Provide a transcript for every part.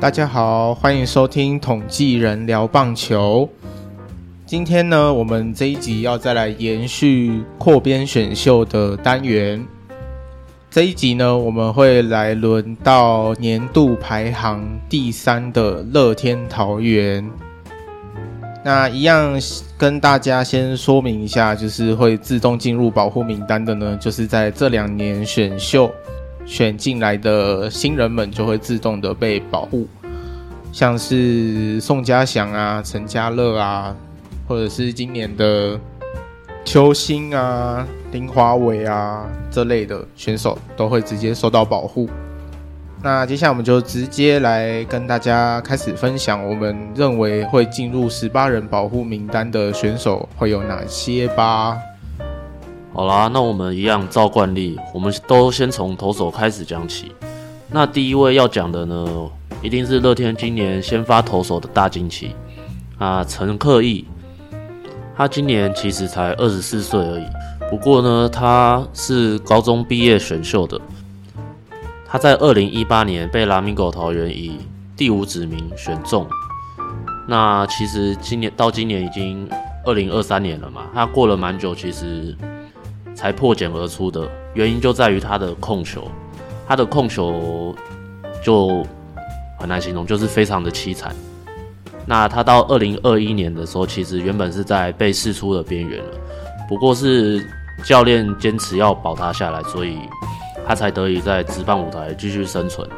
大家好，歡迎收聽《統計人聊棒球》。今天呢，我們這一集要再來延續擴編選秀的單元。這一集呢，我們會來輪到年度排行第三的樂天桃猿。那一樣跟大家先說明一下，就是會自動進入保護名單的呢，就是在這兩年選秀。選進來的新人們就會自動的被保護，像是宋嘉祥啊、陳嘉樂啊，或者是今年的邱星啊、林華偉啊這類的選手，都會直接受到保護。那接下來我們就直接來跟大家開始分享，我們認為會進入十八人保護名單的選手會有哪些吧！好啦，那我們一樣照慣例，我們都先從投手開始講起。那第一位要講的呢，一定是樂天今年先發投手的大驚奇啊，陳克羿。他今年其實才二十四歲而已，不過呢，他是高中畢業選秀的。他在二零一八年被拉米狗桃猿以第五指名選中。那其實今年，到今年已經二零二三年了嘛，他過了蠻久，其實。才破繭而出的原因就在於他的控球，他的控球就很難形容，就是非常的淒慘。那他到二零二一年的時候，其實原本是在被釋出的邊緣了，不過是教練堅持要保他下來，所以他才得以在職棒舞台繼續生存。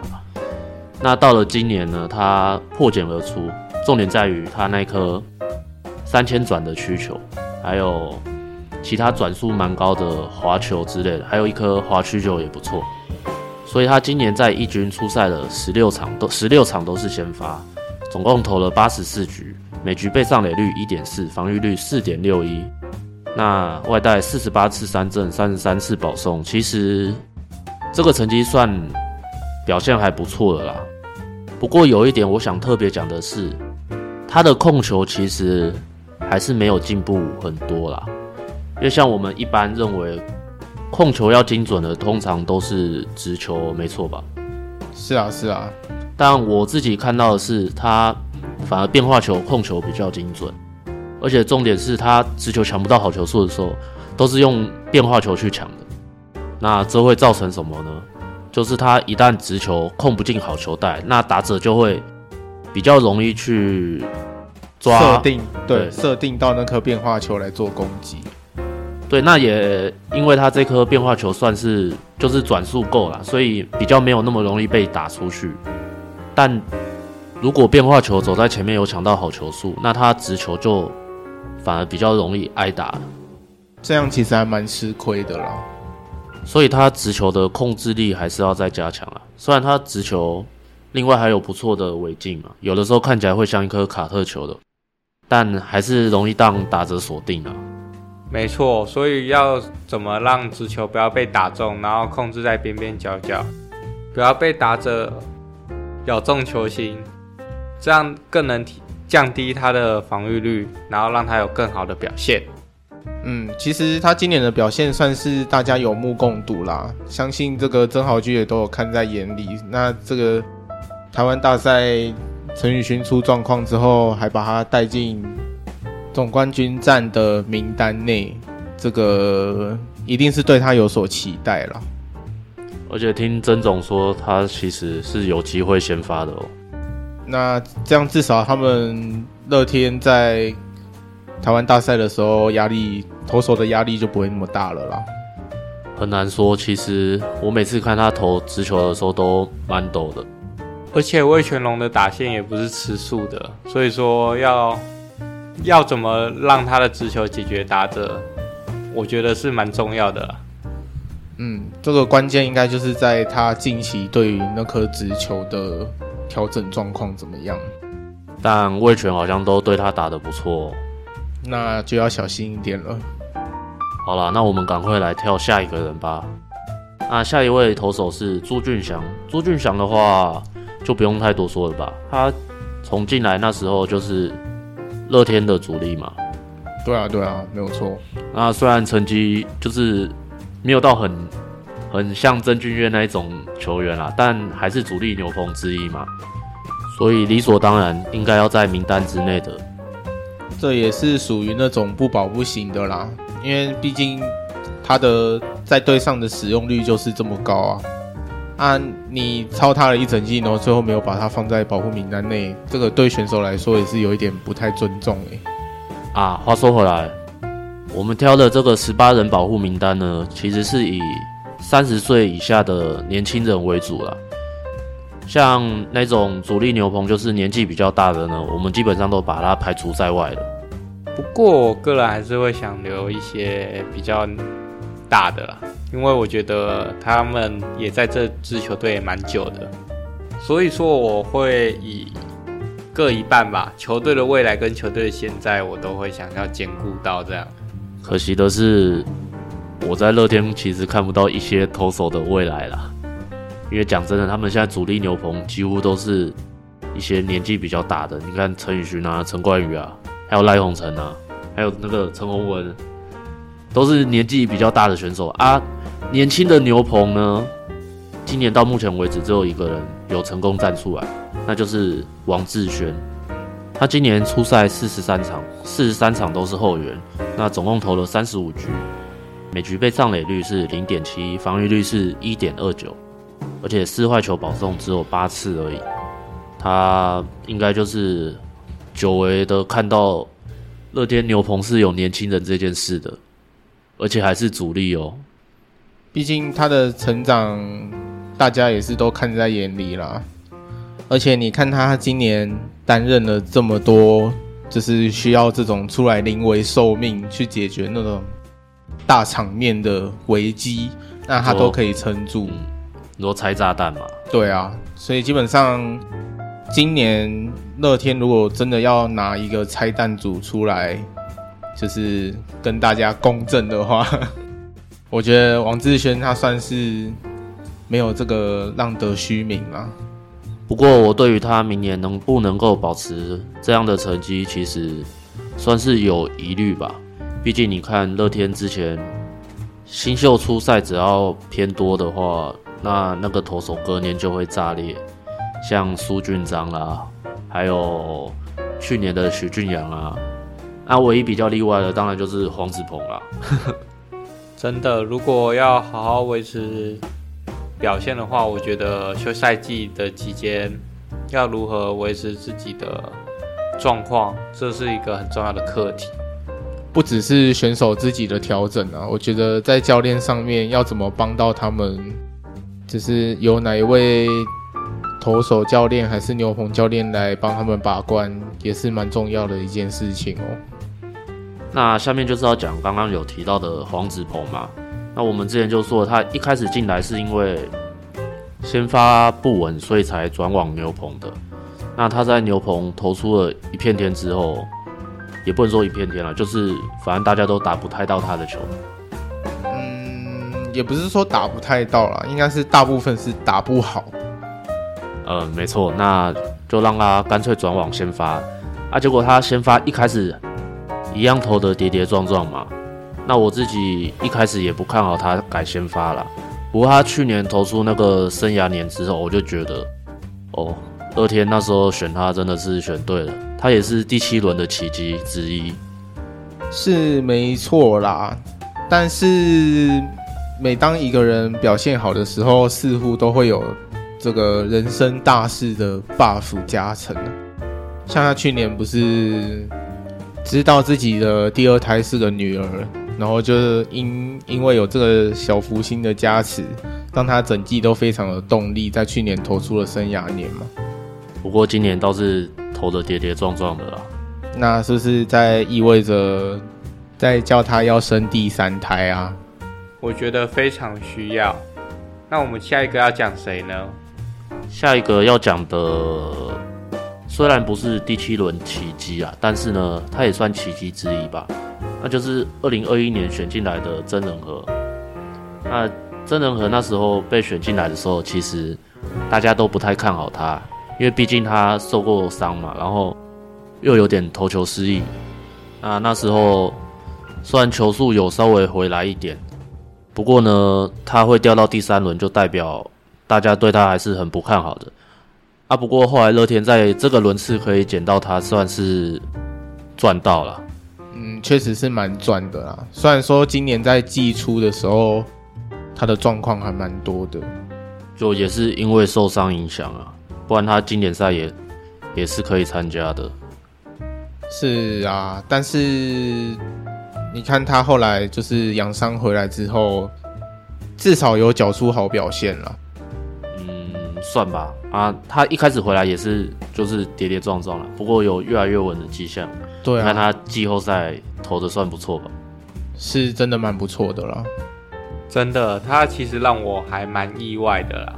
那到了今年呢，他破繭而出，重點在於他那顆三千轉的曲球還有，其他轉速蠻高的滑球之類的，還有一顆滑曲球也不錯。所以他今年在一軍出賽了十六場，都十六場都是先發，總共投了八十四局，每局被上壘率一點四，防禦率四點六一。那外帶四十八次三振，三十三次保送，其實這個成績算表現還不錯了啦。不過有一點我想特別講的是，他的控球其實還是沒有進步很多啦。因為像我們一般認為控球要精準的，通常都是直球，沒錯吧？是啊，是啊。但我自己看到的是，他反而變化球控球比較精準，而且重點是他直球搶不到好球數的時候，都是用變化球去搶的。那這會造成什麼呢？就是他一旦直球控不進好球帶，那打者就會比較容易去抓，啊，設定，對，對，設定到那顆變化球來做攻擊。對，那也因為他這顆變化球算是就是轉速夠了，所以比較沒有那麼容易被打出去。但如果變化球走在前面有搶到好球數，那他直球就反而比較容易挨打了，這樣其實還蠻吃虧的啦。所以他直球的控制力還是要再加強啊。雖然他直球另外還有不錯的尾勁嘛，有的時候看起來會像一顆卡特球的，但還是容易當打者鎖定啊。沒錯，所以要怎麼讓直球不要被打中，然後控制在邊邊角角，不要被打着咬中球心，這樣更能降低他的防禦率，然後讓他有更好的表現。嗯，其實他今年的表現算是大家有目共睹啦，相信這個曾豪駒也都有看在眼裡。那這個台灣大賽陳禹勳出狀況之後，還把他帶進。總冠軍戰的名單內，這個一定是對他有所期待了。而且聽曾總說，他其實是有機會先發的哦。那這樣至少他們樂天在台灣大賽的時候壓，壓力投手的壓力就不會那麼大了啦。很難說，其實我每次看他投直球的時候都蠻抖的，而且味全龍的打線也不是吃素的，所以說要。要怎麼讓他的直球解決打者，我覺得是蠻重要的啊。嗯，這個關鍵應該就是在他近期對那顆直球的調整狀況怎麼樣？但魏全好像都對他打得不錯，那就要小心一點了。好了，那我們趕快來跳下一個人吧。那下一位投手是朱俊祥。朱俊祥的話就不用太多說了吧，他從進來那時候就是。樂天的主力嘛，對啊，對啊，沒有錯。那雖然成績就是沒有到很很像曾峻岳那一種球員啦，但還是主力牛棚之一嘛，所以理所當然應該要在名單之內的。嗯。這也是屬於那種不保不行的啦，因為畢竟他的在隊上的使用率就是這麼高啊。啊，你抄他了一整季，然後最後沒有把他放在保護名單內，這個對選手來說也是有一點不太尊重哎、欸。啊，話說回來，我們挑的這個十八人保護名單呢，其實是以三十歲以下的年輕人為主啦。像那種主力牛棚，就是年紀比較大的呢，我們基本上都把他排除在外了。不過，我個人還是會想留一些比較大的啦。因為我覺得他們也在這支球隊也蠻久的，所以說我會以各一半吧，球隊的未來跟球隊的現在，我都會想要兼顧到這樣。可惜的是，我在樂天其實看不到一些投手的未來啦，因為講真的，他們現在主力牛棚幾乎都是一些年紀比較大的，你看陳禹勳啊、陳冠宇啊，還有賴鴻誠啊，還有那個陳鴻文，都是年紀比較大的選手啊。年輕的牛棚呢？今年到目前為止，只有一個人有成功站出來，那就是王志軒。他今年出賽四十三場，四十三場都是後援，那總共投了三十五局，每局被上壘率是零點七，防御率是一點二九，而且四壞球保送只有八次而已。他應該就是久違的看到樂天牛棚是有年輕人這件事的，而且還是主力哦。畢竟他的成長，大家也是都看在眼裡啦。而且你看他今年擔任了這麼多，就是需要這種出來臨危受命去解決那種大場面的危機，那他都可以撐住。羅拆炸彈嘛？對啊，所以基本上今年樂天如果真的要拿一個拆彈組出來，就是跟大家公正的話。我覺得王志軒他算是沒有這個浪得虛名嘛、啊。不過我對於他明年能不能夠保持這樣的成績，其實算是有疑慮吧。畢竟你看樂天之前新秀出賽只要偏多的話，那那個投手隔年就會炸裂，像蘇俊章啦，還有去年的許俊陽啊。那唯一比較例外的，當然就是黃子鵬啦。呵呵真的，如果要好好維持表現的話，我覺得休賽季的期間要如何維持自己的狀況，這是一個很重要的課題。不只是選手自己的調整啊，我覺得在教練上面要怎麼幫到他們，就是由哪一位投手教練還是牛棚教練來幫他們把關，也是蠻重要的一件事情哦。那下面就是要講剛剛有提到的黃子鵬嘛。那我們之前就說他一開始進來是因為先發不穩，所以才轉往牛棚的。那他在牛棚投出了一片天之後，也不能說一片天了，就是反正大家都打不太到他的球。嗯，也不是說打不太到了，應該是大部分是打不好。嗯，沒錯，那就讓他乾脆轉往先發啊。結果他先發一開始一樣投得跌跌撞撞嘛，那我自己一開始也不看好他改先發啦。不過他去年投出那個生涯年之後，我就覺得，哦，樂天那時候選他真的是選對了，他也是第七輪的奇迹之一，是沒錯啦，但是每當一個人表現好的時候，似乎都會有這個人生大事的 buff 加成，像他去年不是。知道自己的第二胎是個女兒，然後就是因因為有這個小福星的加持，讓他整季都非常有動力，在去年投出了生涯年嘛。不過今年倒是投得跌跌撞撞的啦。那是不是在意味着，在叫他要生第三胎啊？我覺得非常需要。那我們下一個要講誰呢？下一個要講的。雖然不是第七輪奇蹟啊，但是呢，它也算奇蹟之一吧。那就是二零二一年選進來的曾仁和。那曾仁和那時候被選進來的時候，其實大家都不太看好他，因為畢竟他受過傷嘛，然後又有點投球失憶。那那時候雖然球速有稍微回來一點，不過呢，他會掉到第三輪，就代表大家對他還是很不看好的。啊，不過後來樂天在這個輪次可以撿到他，算是賺到了。嗯，確實是蠻賺的啊。雖然說今年在季初的時候，他的狀況還蠻多的，就也是因為受傷影響啊。不然他經典賽也也是可以參加的。是啊，但是你看他後來就是養傷回來之後，至少有繳出好表現了。算吧，啊，他一開始回來也是就是跌跌撞撞了，不過有越來越穩的跡象。對啊，你看他季後賽投的算不錯吧？是真的蠻不錯的啦。真的，他其實讓我還蠻意外的啦，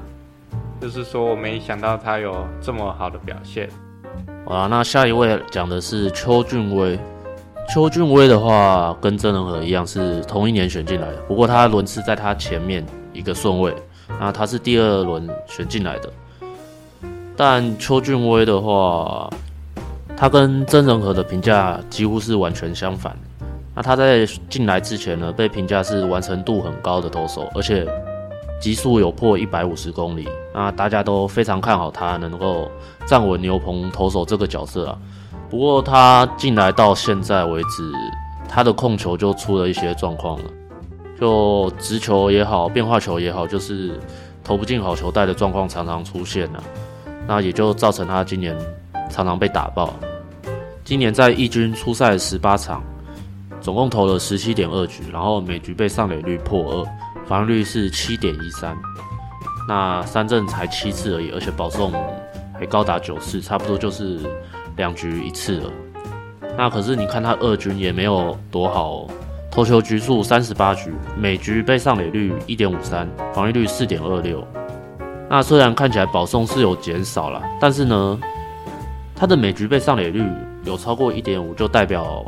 就是說我沒想到他有這麼好的表現。好啦，啊，那下一位講的是邱俊威，邱俊威的話跟鄭仁和一樣是同一年選進來的，不過他輪次在他前面一個順位。那他是第二輪選進來的，但邱俊威的話，他跟曾仁和的評價幾乎是完全相反。那他在進來之前呢，被評價是完成度很高的投手，而且極速有破一百五十公里。那大家都非常看好他能夠站穩牛棚投手這個角色啊。不過他進來到現在為止，他的控球就出了一些狀況了。就直球也好，變化球也好，就是投不進好球帶的狀況常常出現了、啊，那也就造成他今年常常被打爆。今年在一軍出賽十八場，總共投了十七點二局，然後每局被上壘率破二，防御率是七點一三，那三振才七次而已，而且保送還高達九次，差不多就是兩局一次了。那可是你看他二軍也沒有多好。投球局數三十八局，每局被上壘率一點五三，防禦率四點二六。那雖然看起來保送是有減少了，但是呢，他的每局被上壘率有超過一點五，就代表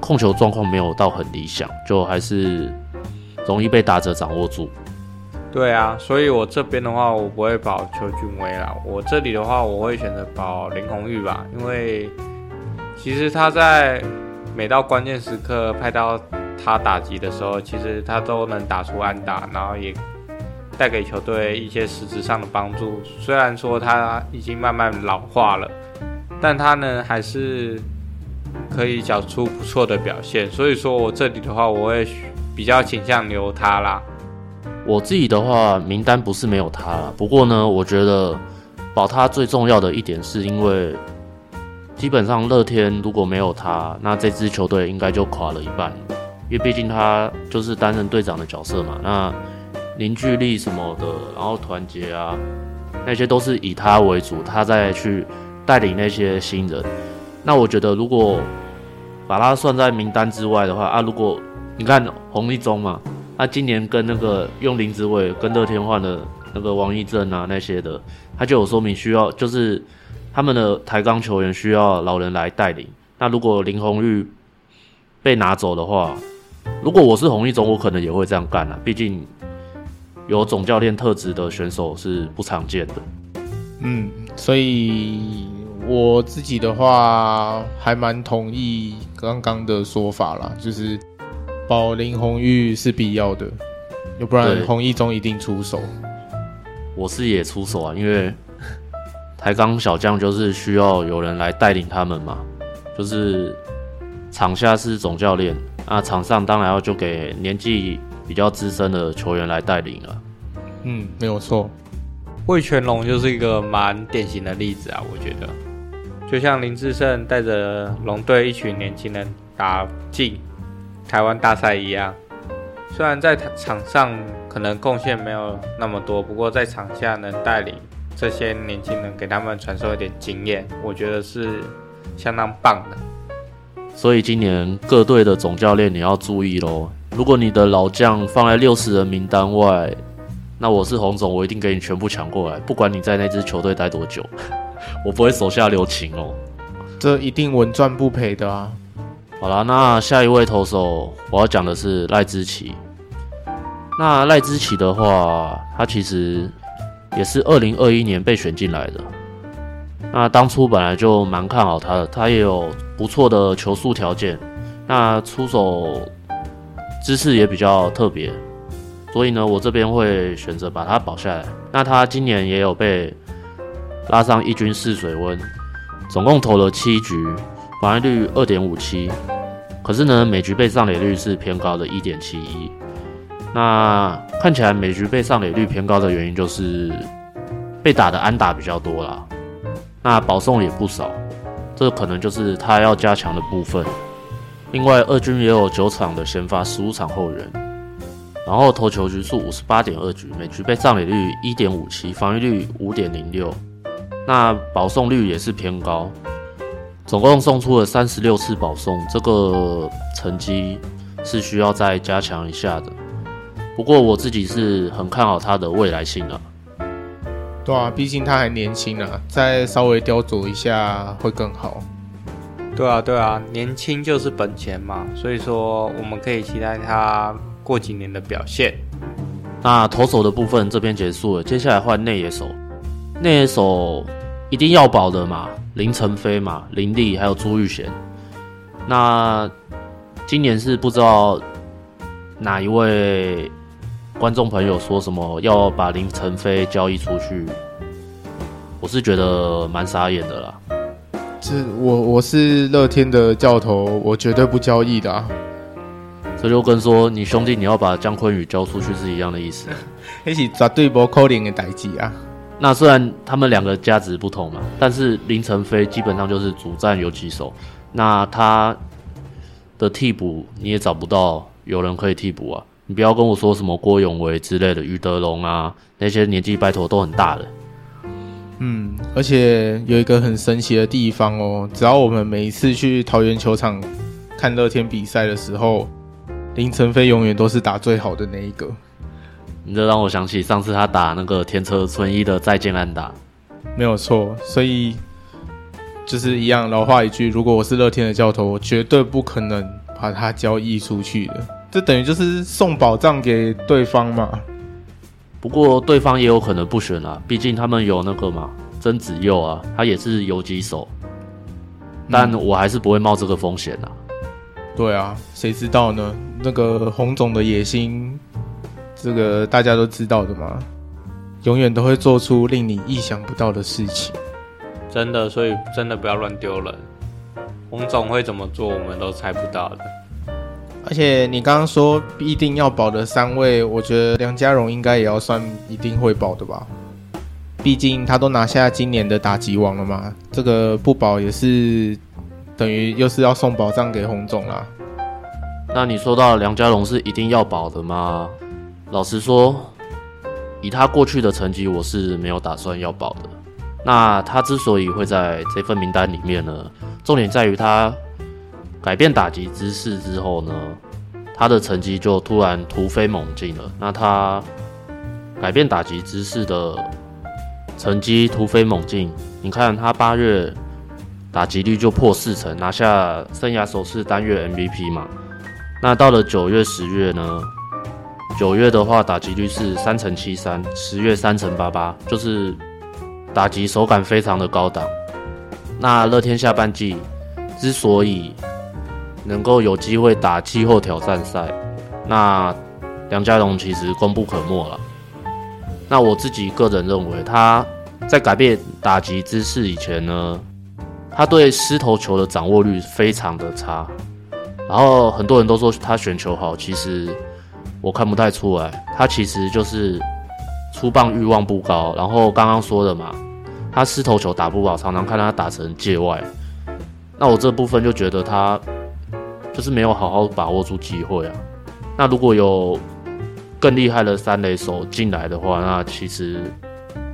控球狀況沒有到很理想，就還是容易被打者掌握住。對啊，所以我這邊的話，我不會保邱俊威啦，我這裡的話，我會選擇保林泓育吧，因為其實他在。每到關鍵時刻，拍到他打擊的時候，其實他都能打出安打，然後也帶給球隊一些實質上的幫助。雖然說他已經慢慢老化了，但他呢還是可以繳出不錯的表現。所以說我這裡的話，我會比較傾向留他啦。我自己的話，名單不是沒有他啦。不過呢，我覺得保他最重要的一點是因為。基本上，樂天如果沒有他，那這支球隊應該就垮了一半了，因為畢竟他就是擔任隊長的角色嘛。那凝聚力什麼的，然後團結啊，那些都是以他為主，他再去帶領那些新人。那我覺得，如果把他算在名單之外的話，啊，如果你看洪一中嘛，他今年跟那個用林子偉跟樂天換的那個王溢正啊，那些的，他就有說明需要就是，他們的台鋼球員需要老人來帶領。那如果林泓育被拿走的話，如果我是洪一中，我可能也會這樣幹了、啊。畢竟有總教練特質的選手是不常見的。嗯，所以我自己的話還蠻同意剛剛的說法啦，就是保林泓育是必要的，要不然洪一中一定出手。我是也出手啊，因為、嗯。台鋼小將就是需要有人來帶領他們嘛，就是場下是總教練，那、啊、場上當然要就給年紀比較資深的球員來帶領了、啊。嗯，沒有錯。味全龍就是一個蠻典型的例子啊，我覺得，就像林智勝帶着龍隊一群年輕人打進台灣大賽一樣，雖然在場上可能貢獻沒有那麼多，不過在場下能帶領。這些年輕人，給他們傳授一點經驗，我覺得是相當棒的。所以今年各隊的總教練你要注意嘍。如果你的老將放在六十人名單外，那我是洪總，我一定給你全部搶過來，不管你在那支球隊待多久，我不會手下留情哦。這一定穩賺不賠的啊！好啦，那下一位投手我要講的是賴之奇。那賴之奇的話，他其實。也是二零二一年被選進來的。那當初本來就蠻看好他的，他也有不錯的球速條件，那出手姿勢也比較特別，所以呢，我這邊會選擇把他保下來。那他今年也有被拉上一軍試水溫，總共投了七局，防禦率二點五七，可是呢，每局被上壘率是偏高的一點七一。那看起來每局被上壘率偏高的原因就是被打的安打比較多啦，那保送也不少，這可能就是他要加強的部分。另外，二軍也有九場的先發，十五場後援，然後投球局數五十八點二局，每局被上壘率一點五七，防禦率五點零六，那保送率也是偏高，總共送出了三十六次保送，這個成績是需要再加強一下的。不過我自己是很看好他的未來性了啊。對啊，畢竟他還年輕啊，再稍微雕琢一下會更好。對啊，對啊，年輕就是本錢嘛，所以說我們可以期待他過幾年的表現。那投手的部分這邊結束了，接下來換內野手。內野手一定要保的嘛，林承飛嘛，林立還有朱育賢。那今年是不知道哪一位。觀眾朋友說什麼要把林承飛交易出去，我是覺得蠻傻眼的啦。這我我，是樂天的教頭，我絕對不交易的啊。這就跟說你兄弟你要把江坤宇交出去是一樣的意思。 那是絕對無可能的代誌啊。那雖然他們兩個價值不同嘛，但是林承飛基本上就是主戰游擊手，那他的替補你也找不到有人可以替補啊。你不要跟我說什麼郭永維之類的，余德龍啊，那些年紀拜托都很大了。嗯，而且有一個很神奇的地方哦，只要我們每一次去桃園球場看樂天比賽的時候，林承飛永遠都是打最好的那一個。你這讓我想起上次他打那個田澤純一的再見安打。沒有錯，所以就是一樣。老話一句，如果我是樂天的教頭，我絕對不可能把他交易出去的。這等於就是送寶藏給對方嘛。不過對方也有可能不選啊，畢竟他們有那個嘛，曾子佑啊，他也是游擊手。嗯、但我還是不會冒這個風險啊。對啊，誰知道呢？那個洪總的野心，這個大家都知道的嘛，永遠都會做出令你意想不到的事情。真的，所以真的不要亂丟人。洪總會怎麼做，我們都猜不到的。而且你剛剛說一定要保的三位，我覺得梁家榮應該也要算一定會保的吧，畢竟他都拿下今年的打擊王了嘛，這個不保也是等於又是要送寶藏給洪總啦。那你說到梁家榮是一定要保的嗎？老實說，以他過去的成績，我是沒有打算要保的。那他之所以會在這份名單裡面呢，重點在於他。改變打擊姿勢之後呢，他的成績就突然突飛猛進了。那他改變打擊姿勢的成績突飛猛進，你看他八月打擊率就破四成，拿下生涯首次單月 MVP 嘛。那到了九月、十月呢？九月的話，打擊率是三成七三；十月三成八八，就是打擊手感非常的高檔。那樂天下半季之所以能夠有機會打季後挑戰賽，那梁家榮其實功不可沒啦。那我自己個人認為，他在改變打擊姿勢以前呢，他對失投球的掌握率非常的差。然後很多人都說他選球好，其實我看不太出來。他其實就是出棒欲望不高。然後剛剛說的嘛，他失投球打不好，常常看他打成界外。那我這部分就覺得他。就是沒有好好把握住機會啊！那如果有更厲害的三壘手進來的話，那其實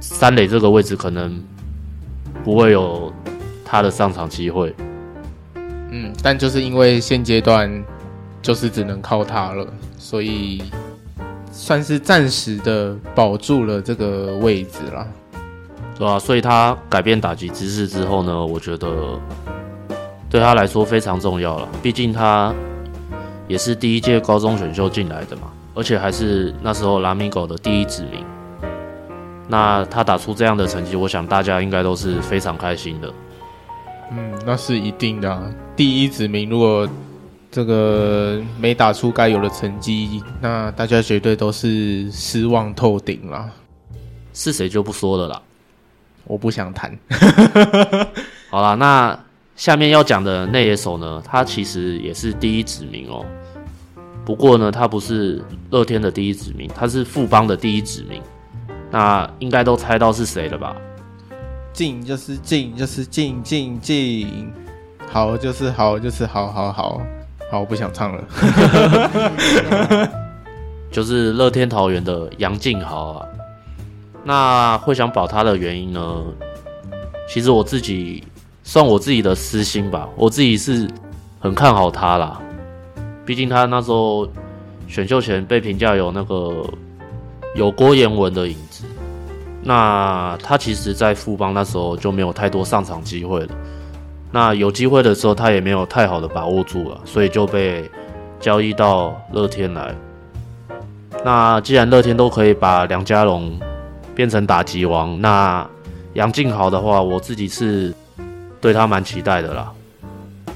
三壘這個位置可能不會有他的上場機會。嗯，但就是因為現階段就是只能靠他了，所以算是暫時的保住了這個位置啦。對啊，所以他改變打擊姿勢之後呢，我覺得。對他來說非常重要了，畢竟他也是第一屆高中選秀進來的嘛，而且還是那時候拉米狗的第一指名。那他打出這樣的成績，我想大家應該都是非常開心的。嗯，那是一定的啊。第一指名如果這個沒打出該有的成績，那大家絕對都是失望透頂了。是誰就不說了啦，我不想談。 好了，那。下面要講的內野手呢，他其實也是第一指名哦。不過呢，他不是樂天的第一指名，他是富邦的第一指名。那應該都猜到是誰了吧？靜就是靜就是靜靜靜，好就是好就是好好好好，我不想唱了。 就是樂天桃猿的楊晉豪啊。那會想保他的原因呢？其實我自己。算我自己的私心吧，我自己是很看好他啦。畢竟他那時候選秀前被評價有那個有郭嚴文的影子，那他其實，在富邦那時候就沒有太多上場機會了。那有機會的時候，他也沒有太好的把握住了，所以就被交易到樂天來。那既然樂天都可以把梁家榮變成打擊王，那楊晉豪的話，我自己是。對他蠻期待的啦，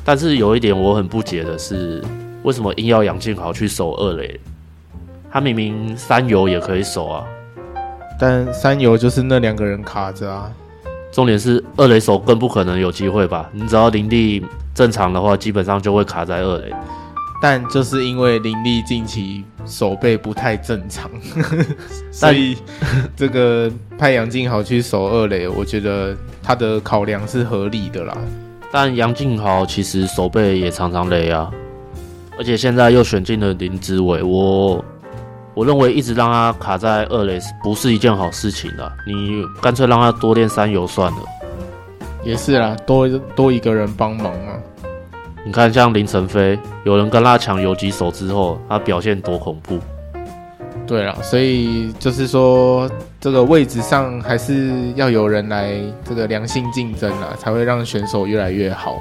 但是有一點我很不解的是，為什麼硬要楊靜豪去守二壘？他明明三游也可以守啊，但三游就是那兩個人卡着啊。重點是二壘守更不可能有機會吧？你只要林立正常的話，基本上就會卡在二壘。但就是因為林立近期守備不太正常， 所以這個派楊靜豪去守二壘，我覺得他的考量是合理的啦。但楊靜豪其實守備也常常雷啊，而且現在又選進了林志偉，我我認為一直讓他卡在二壘不是一件好事情啊。你乾脆讓他多練三游算了。也是啦，多多一個人幫忙嘛、啊。你看，像林承飛，有人跟他搶游擊手之後，他表現多恐怖。對啊，所以就是說，這個位置上還是要有人來這個良性競爭啊，才會讓選手越來越好。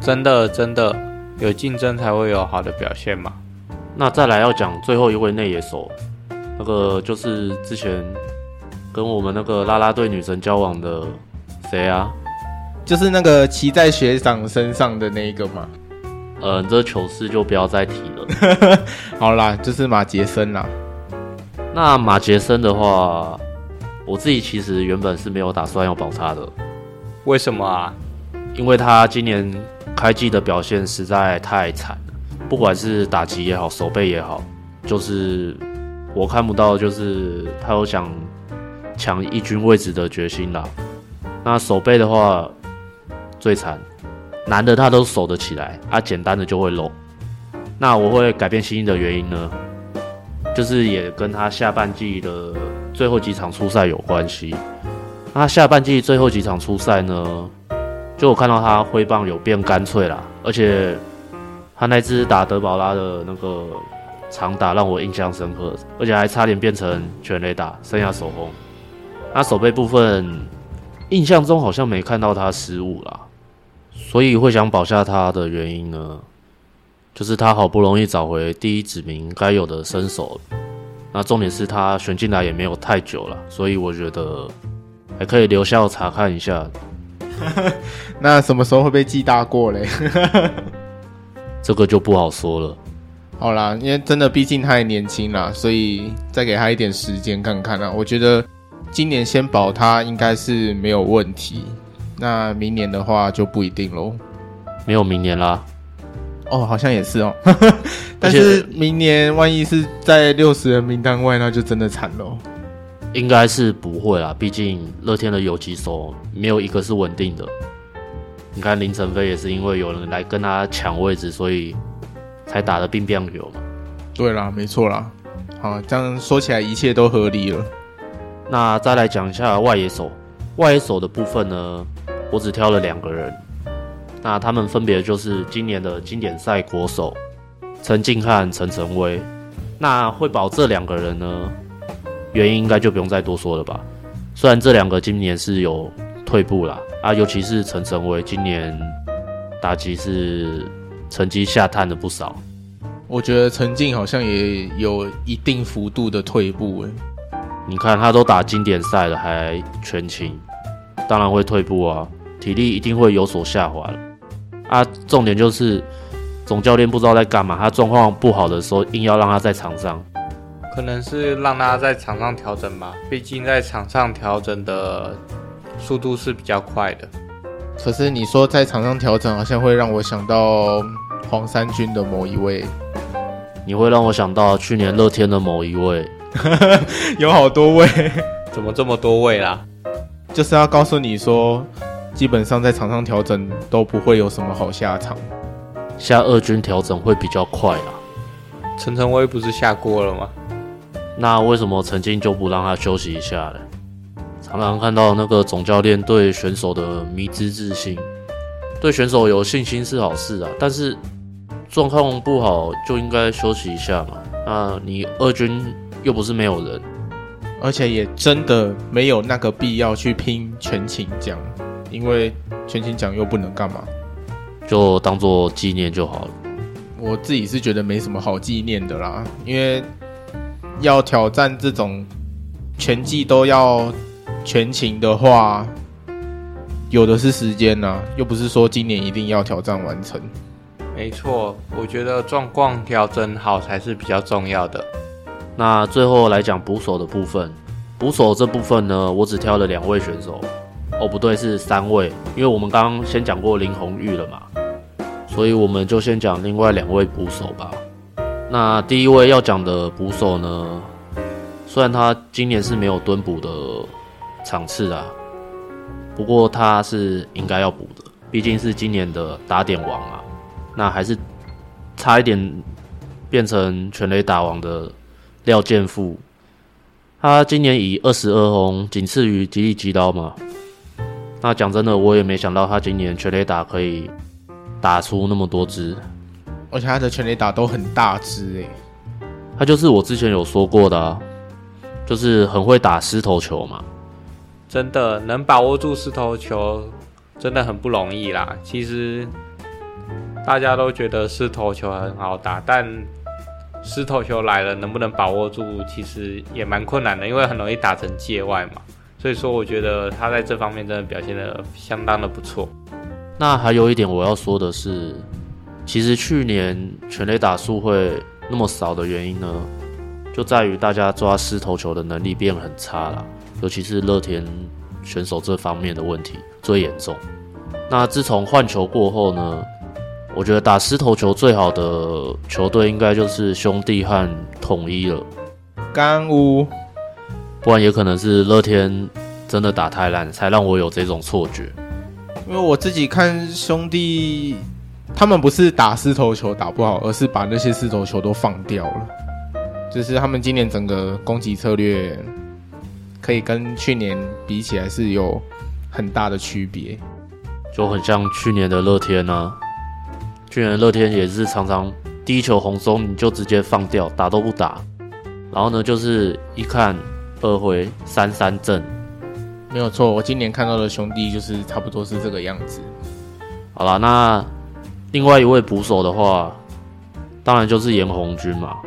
真的，真的，有競爭才會有好的表現嘛。那再來要講最後一位內野手，那個就是之前跟我們那個啦啦隊女神交往的誰啊？就是那個騎在學長身上的那一個嗎？呃、嗯，這糗事，就不要再提了。 好啦，就是馬杰森啦。那馬杰森的話，我自己其實原本是沒有打算要保他的。為什麼啊？因為他今年開季的表現實在太慘了，不管是打擊也好，守備也好，就是我看不到就是他有想搶一軍位置的決心啦。那守備的話。最慘，男的他都守得起來，他、啊、簡單的就會漏。那我會改變心意的原因呢，就是也跟他下半季的最後幾場出賽有關係。那下半季最後幾場出賽呢，就我看到他揮棒有變乾脆啦，而且他那支打德保拉的那個長打讓我印象深刻，而且還差點變成全壘打，生涯首轟。那守備部分，印象中好像沒看到他失誤啦。所以會想保下他的原因呢，就是他好不容易找回第一指名該有的身手，那重點是他選進來也沒有太久了，所以我覺得還可以留校查看一下。 那什麼時候會被記大過嘞？ 這個就不好說了。好啦，因為真的畢竟他還年輕啦，所以再給他一點時間看看啦。我覺得今年先保他應該是沒有問題。那明年的話就不一定嘍，沒有明年啦。哦，好像也是哦。 但是明年萬一是在六十人名單外，那就真的慘嘍、哦。應該是不會啦，畢竟樂天的游擊手沒有一個是穩定的。你看林承飛也是因為有人來跟他搶位置，所以才打的兵變流嘛。對啦，沒錯啦。好，這樣說起來一切都合理了。那再來講一下外野手，外野手的部分呢？我只挑了兩個人，那他們分別就是今年的經典賽國手成晉和陳晨威。那會保這兩個人呢？原因應該就不用再多說了吧？雖然這兩個今年是有退步啦，啊，尤其是陳晨威今年打擊是成績下探了不少。我覺得成晉好像也有一定幅度的退步誒、欸。你看他都打經典賽了，還全勤，當然會退步啊。體力一定會有所下滑啊！重點就是總教練不知道在幹嘛。他狀況不好的時候，硬要讓他在場上，可能是讓他在場上調整吧。畢竟在場上調整的速度是比較快的。可是你說在場上調整，好像會讓我想到黃衫軍的某一位。你會讓我想到去年樂天的某一位。 有好多位， 怎麼這麼多位啦？就是要告訴你說。基本上在場上調整都不會有什麼好下場，下二軍調整會比較快啦。陳晨威不是下鍋了嗎？那為什麼曾經就不讓他休息一下呢？常常看到那個總教練對選手的迷之自信，對選手有信心是好事啊，但是狀況不好就應該休息一下嘛。那你二軍又不是沒有人，而且也真的沒有那個必要去拼全勤獎。因為全勤獎又不能幹嘛，就當做紀念就好了。我自己是覺得沒什麼好紀念的啦，因為要挑戰這種全季都要全勤的話，有的是時間呢，啊。又不是說今年一定要挑戰完成。沒錯，我覺得狀況調整好才是比較重要的。那最後來講捕手的部分，捕手這部分呢，我只挑了兩位選手。哦，不對，是三位，因為我們剛剛先講過林泓育了嘛，所以我們就先講另外兩位捕手吧。那第一位要講的捕手呢，雖然他今年是沒有蹲捕的場次啊，不過他是應該要補的，畢竟是今年的打點王啊。那還是差一點變成全壘打王的廖健富，他今年以二十二轟，僅次於吉力吉撈嘛。那講真的，我也沒想到他今年全壘打可以打出那麼多支，而且他的全壘打都很大支誒、欸，他就是我之前有說過的啊，就是很會打失投球嘛。真的能把握住失投球，真的很不容易啦。其實大家都覺得失投球很好打，但失投球來了能不能把握住，其實也蠻困難的，因為很容易打成界外嘛。所以說，我覺得他在這方面真的表現得相當的不錯。那還有一點我要說的是，其實去年全壘打數會那麼少的原因呢，就在於大家抓失投球的能力變很差了，尤其是樂天選手這方面的問題最嚴重。那自從換球過後呢，我覺得打失投球最好的球隊應該就是兄弟和統一了。干屋。不然也可能是樂天真的打太爛，才讓我有這種錯覺。因為我自己看兄弟，他們不是打失投球打不好，而是把那些失投球都放掉了。就是他們今年整個攻擊策略，可以跟去年比起來是有很大的區別，就很像去年的樂天啊。去年的樂天也是常常第一球紅中，你就直接放掉，打都不打，然後呢就是一看，二回三三正，沒有錯。我今年看到的兄弟就是差不多是這個樣子。好了，那另外一位捕手的話，當然就是嚴宏鈞嘛。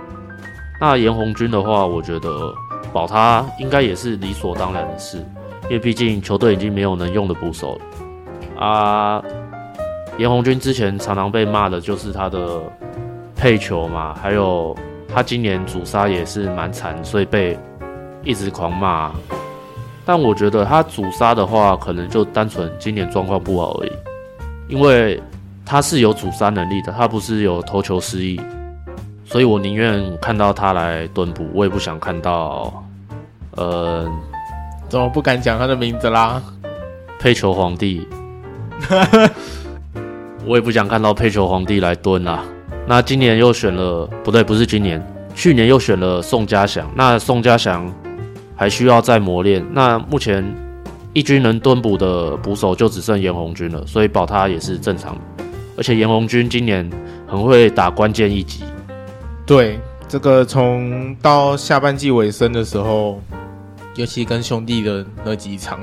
那嚴宏鈞的話，我覺得保他應該也是理所當然的事，因為畢竟球隊已經沒有能用的捕手了。啊，嚴宏鈞之前常常被罵的就是他的配球嘛，還有他今年主殺也是蠻慘，所以被。一直狂罵，但我覺得他阻殺的話，可能就單純今年狀況不好而已，因為他是有阻殺能力的，他不是有投球失憶，所以我寧願看到他來蹲捕，我也不想看到，呃，怎麼不敢講他的名字啦？配球皇帝， 我也不想看到配球皇帝來蹲啊。那今年又選了，不對，不是今年，去年又選了宋嘉翔，那宋嘉翔。還需要再磨練。那目前一軍能蹲捕的捕手就只剩嚴宏鈞了，所以保他也是正常的。而且嚴宏鈞今年很會打關鍵一擊。對，這個從到下半季尾聲的時候，尤其跟兄弟的那幾場，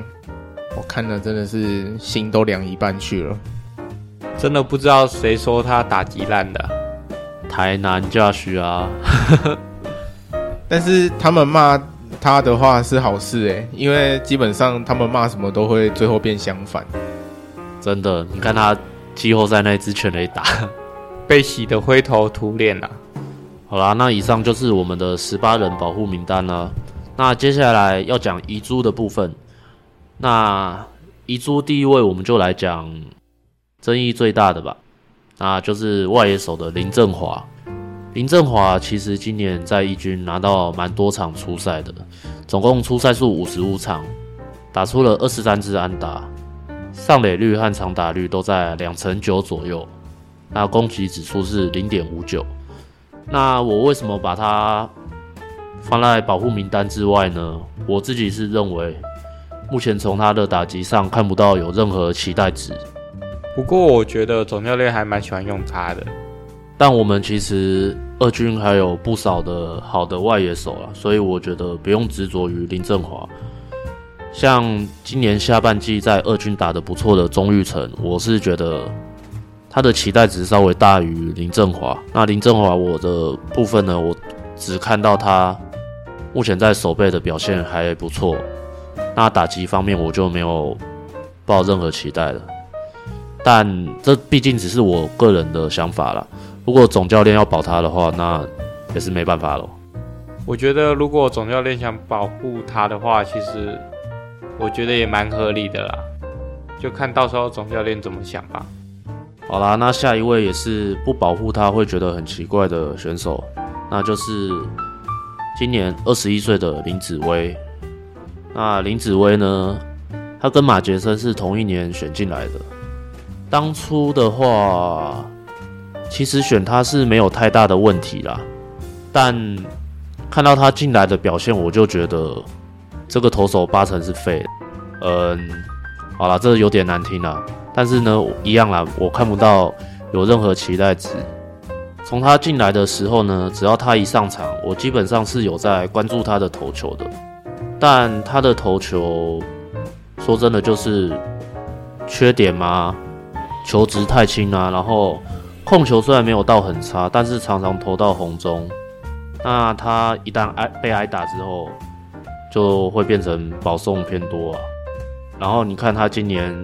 我看了真的是心都涼一半去了。真的不知道誰說他打擊爛的，台南駕駛啊。 但是他們罵。他的話是好事哎、欸，因為基本上他們罵什麼都會最後變相反。真的，你看他季後賽那支全壘打， 被洗得灰頭土臉了。好啦，那以上就是我們的十八人保護名單了。那接下來要講遺珠的部分，那遺珠第一位我們就來講爭議最大的吧，那就是外野手的林振華。林振華其實今年在一軍拿到蠻多場出賽的，總共出賽數五十五場，打出了二十三支安打，上壘率和長打率都在兩成九左右，那攻擊指數是零點五九。那我為什麼把他放在保護名單之外呢？我自己是認為，目前從他的打擊上看不到有任何期待值。不過我覺得總教練還蠻喜歡用他的。但我們其實二軍還有不少的好的外野手啦，所以我覺得不用執着於林振華。像今年下半季在二軍打得不錯的鍾玉成，我是覺得他的期待值稍微大於林振華。那林振華我的部分呢，我只看到他目前在守備的表現還不錯，那打擊方面我就沒有抱任何期待了。但這畢竟只是我個人的想法啦。如果總教練要保他的話，那也是沒辦法了。我覺得，如果總教練想保護他的話，其實我覺得也蠻合理的啦。就看到時候總教練怎麼想吧。好啦，那下一位也是不保護他會覺得很奇怪的選手，那就是今年二十一歲的林子崴。那林子崴呢？他跟馬傑森是同一年選進來的。當初的話。其實選他是沒有太大的問題啦，但看到他進來的表現，我就覺得這個投手八成是廢了。嗯，好啦，這個、有點難聽啦，但是呢，一樣啦，我看不到有任何期待值。從他進來的時候呢，只要他一上場，我基本上是有在關注他的投球的，但他的投球，說真的就是缺點嘛，球質太輕啦、啊，然後。控球雖然沒有到很差，但是常常投到紅中，那他一旦挨被挨打之後，就會變成保送偏多啊。然後你看他今年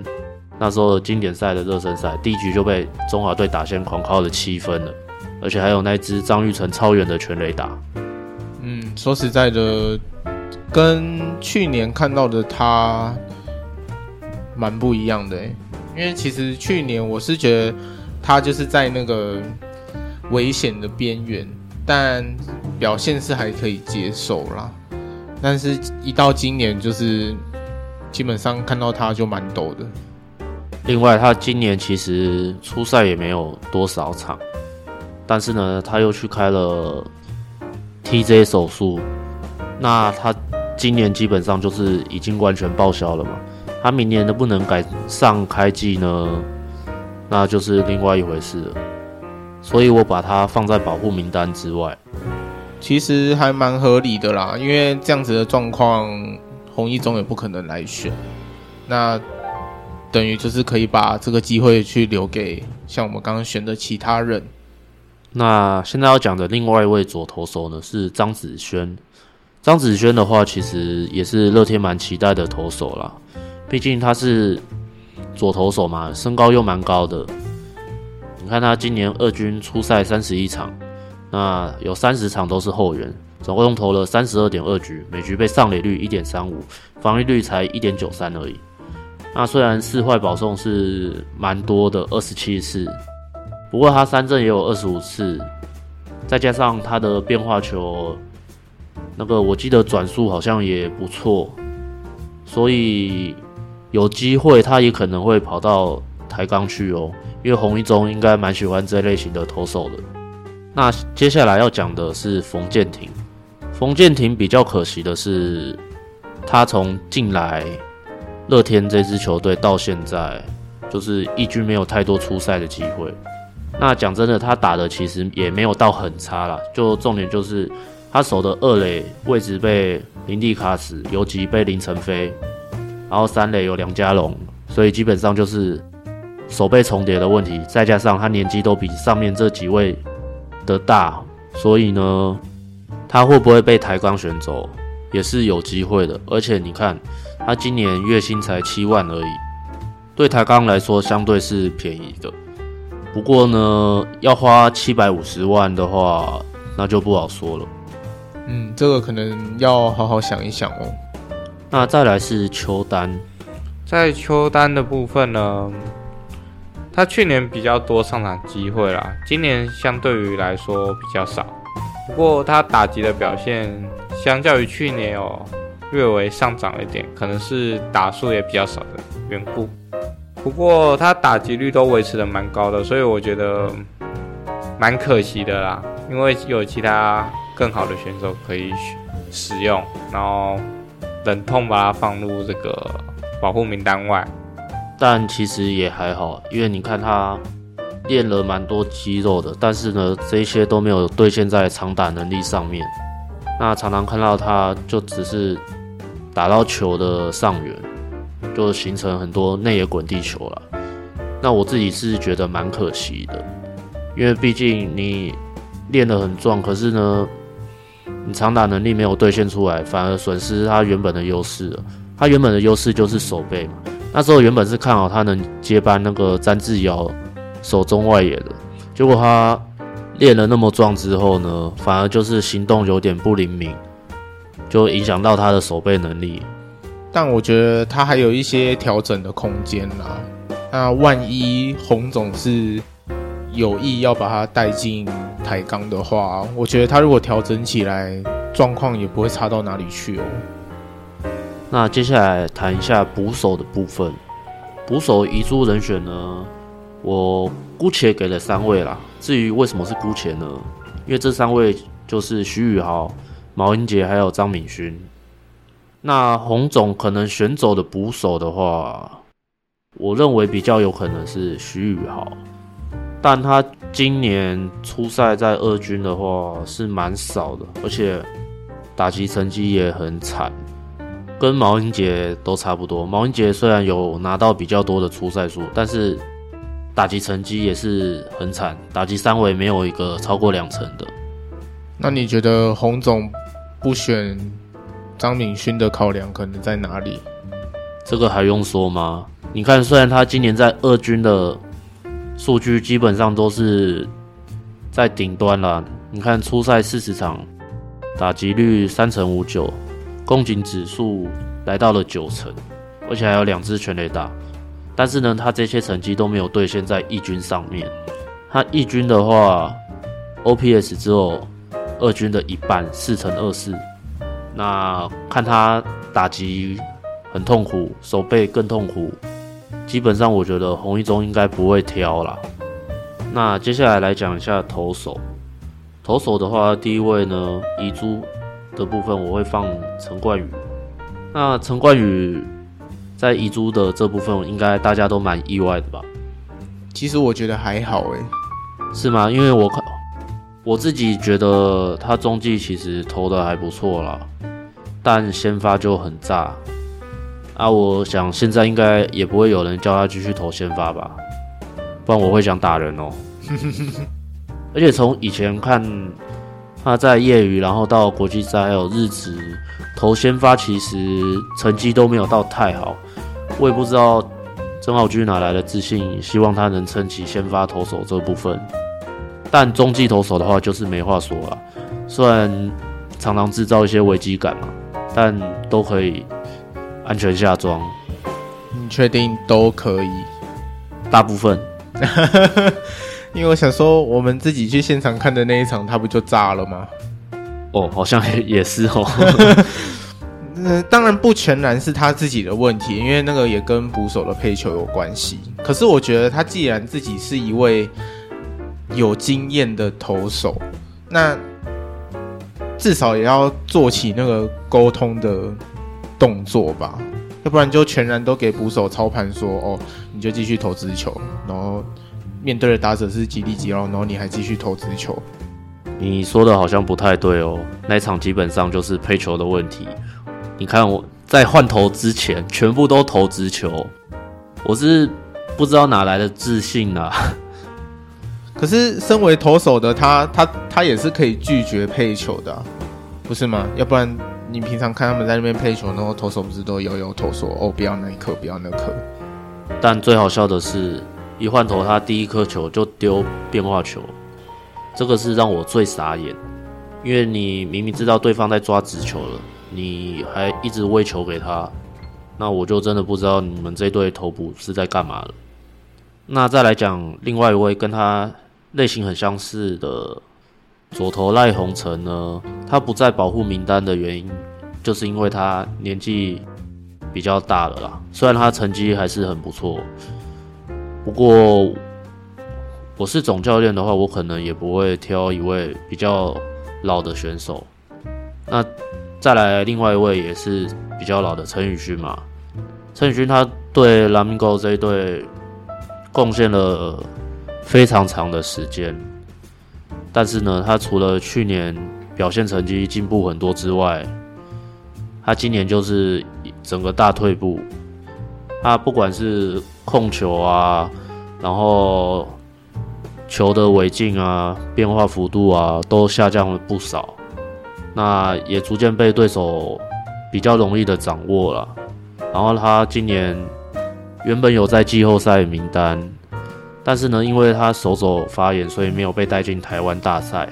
那時候的經典賽的熱身賽，第一局就被中華隊打線狂灌了七分了，而且還有那支張育成超遠的全壘打。嗯，說實在的，跟去年看到的他蠻不一樣的，欸，因為其實去年我是覺得。他就是在那個危險的邊緣，但表現是還可以接受啦。但是，一到今年，就是基本上看到他就蠻抖的。另外，他今年其實出賽，也沒有多少場，但是呢，他又去開了 TJ 手術。那他今年基本上就是已經完全報銷了嘛。他明年都不能趕上開季呢。那就是另外一回事了，所以我把它放在保護名單之外，其實還蠻合理的啦，因為這樣子的狀況，洪一中也不可能來選，那等於就是可以把這個機會去留給像我們剛剛選的其他人。那現在要講的另外一位左投手呢，是張子軒。張子軒的話，其實也是樂天蠻期待的投手啦，畢竟他是。左投手嘛，身高又蠻高的。你看他今年二軍出賽三十一場，那有三十場都是後援，總共投了三十二點二局，每局被上壘率一點三五，防禦率才一點九三而已。那雖然四壞保送是蠻多的，二十七次，不過他三振也有二十五次，再加上他的變化球，那個我記得轉速好像也不錯，所以。有機會，他也可能會跑到台鋼去哦，因為洪一中應該蠻喜歡這類型的投手的。那接下來要講的是馮建廷。馮建廷比較可惜的是，他從進來樂天這支球隊到現在，就是一軍沒有太多出賽的機會。那講真的，他打的其實也沒有到很差啦，就重點就是他守的二壘位置被林立卡死，尤其被林承飛。然後三壘有梁家榮，所以基本上就是守備重疊的問題，再加上他年紀都比上面這幾位的大，所以呢，他會不會被台鋼選走也是有機會的。而且你看，他今年月薪才七萬而已，對台鋼來說相對是便宜的。不過呢，要花七百五十萬的話，那就不好說了。嗯，這個可能要好好想一想哦。那再來是邱丹，在邱丹的部分呢，他去年比較多上場機會啦，今年相對於來說比較少。不過他打擊的表現相較於去年哦、喔，略微上漲一點，可能是打數也比較少的緣故。不過他打擊率都維持得蠻高的，所以我覺得蠻可惜的啦，因為有其他更好的選手可以使用，然後。忍痛把他放入這個保護名單外，但其實也還好，因為你看他練了蠻多肌肉的，但是呢，這些都沒有兌現在長打能力上面。那常常看到他就只是打到球的上緣，就形成很多內野滾地球了。那我自己是覺得蠻可惜的，因為畢竟你練得很壯，可是呢。你長打能力沒有兌現出來，反而損失他原本的優勢了。他原本的優勢就是守備嘛。那時候原本是看好他能接班那個詹志堯守中外野的，結果他練了那麼壯之後呢，反而就是行動有點不靈敏，就影響到他的守備能力。但我覺得他還有一些調整的空間啦。那、啊、萬一洪總是有意要把它帶進台鋼的話，我覺得他如果調整起來，狀況也不會差到哪裡去哦。那接下來談一下捕手的部分，捕手遺珠人選呢，我姑且給了三位啦。至於為什麼是姑且呢？因為這三位就是徐宇豪、毛英傑還有張敏勳。那洪總可能選走的捕手的話，我認為比較有可能是徐宇豪。但他今年出賽在二軍的話是蠻少的，而且打擊成績也很慘，跟毛英杰都差不多。毛英杰雖然有拿到比較多的出賽數，但是打擊成績也是很慘，打擊三圍沒有一個超過兩成的。那你覺得洪總不選張敏勳的考量可能在哪裡？這個還用說嗎？你看，雖然他今年在二軍的。數據基本上都是在頂端了。你看出賽四十場，打擊率三成五九，攻擊指數來到了九成，而且還有兩支全壘打。但是呢，他這些成績都沒有兌現在一軍上面。他一軍的話，OPS 只有二軍的一半，四成二四。那看他打擊很痛苦，守備更痛苦。基本上我覺得紅一中應該不會挑啦。那接下來來講一下投手。投手的話，第一位呢，遺珠的部分我會放陳冠宇。那陳冠宇在遺珠的這部分，應該大家都蠻意外的吧？其實我覺得還好誒、欸，是嗎？因為我看我自己覺得他中繼其實投的還不錯啦，但先發就很炸。啊，我想現在應該也不會有人叫他繼續投先發吧，不然我會想打人哦、喔。 而且從以前看，他在業餘，然後到國際賽還有日職投先發，其實成績都沒有到太好。我也不知道曾豪駒哪來的自信，希望他能撐起先發投手這部分。但中繼投手的話就是沒話說了，雖然常常製造一些危機感嘛，但都可以，安全下莊，你確定都可以？大部分， 因為我想說，我們自己去現場看的那一場，他不就炸了嗎？哦，好像也也是哦， 呃，當然不全然是他自己的問題，因為那個也跟捕手的配球有關係。可是我覺得，他既然自己是一位有經驗的投手，那至少也要做起那個溝通的。動作吧，要不然就全然都給捕手操盤說哦，你就繼續投直球，然後面對的打者是吉力吉撈，然後你還繼續投直球。你說的好像不太對哦，那場基本上就是配球的問題。你看我在換投之前全部都投直球，我是不知道哪來的自信啊。可是身為投手的他，他他也是可以拒絕配球的啊，不是嗎？要不然。你平常看他們在那邊配球的時候，然後投手不是都搖搖頭說“哦，不要那一顆，不要那顆”，但最好笑的是，一換投他第一顆球就丟變化球，這個是讓我最傻眼，因為你明明知道對方在抓直球了，你還一直餵球給他，那我就真的不知道你們這隊投捕是在幹嘛了。那再來講另外一位跟他類型很相似的。左投賴鴻誠呢，他不在保護名單的原因，就是因為他年紀比較大了啦。雖然他成績還是很不錯，不過我是總教練的話，我可能也不會挑一位比較老的選手。那再來另外一位也是比較老的陳禹勳嘛。陳禹勳他對 Lamigo 這一隊貢獻了非常長的時間。但是呢，他除了去年表現成績進步很多之外，他今年就是整個大退步。他不管是控球啊，然後球的尾勁啊、變化幅度啊，都下降了不少。那也逐漸被對手比較容易的掌握了。然後他今年原本有在季後賽名單。但是呢，因為他手肘發炎，所以沒有被帶進台灣大賽，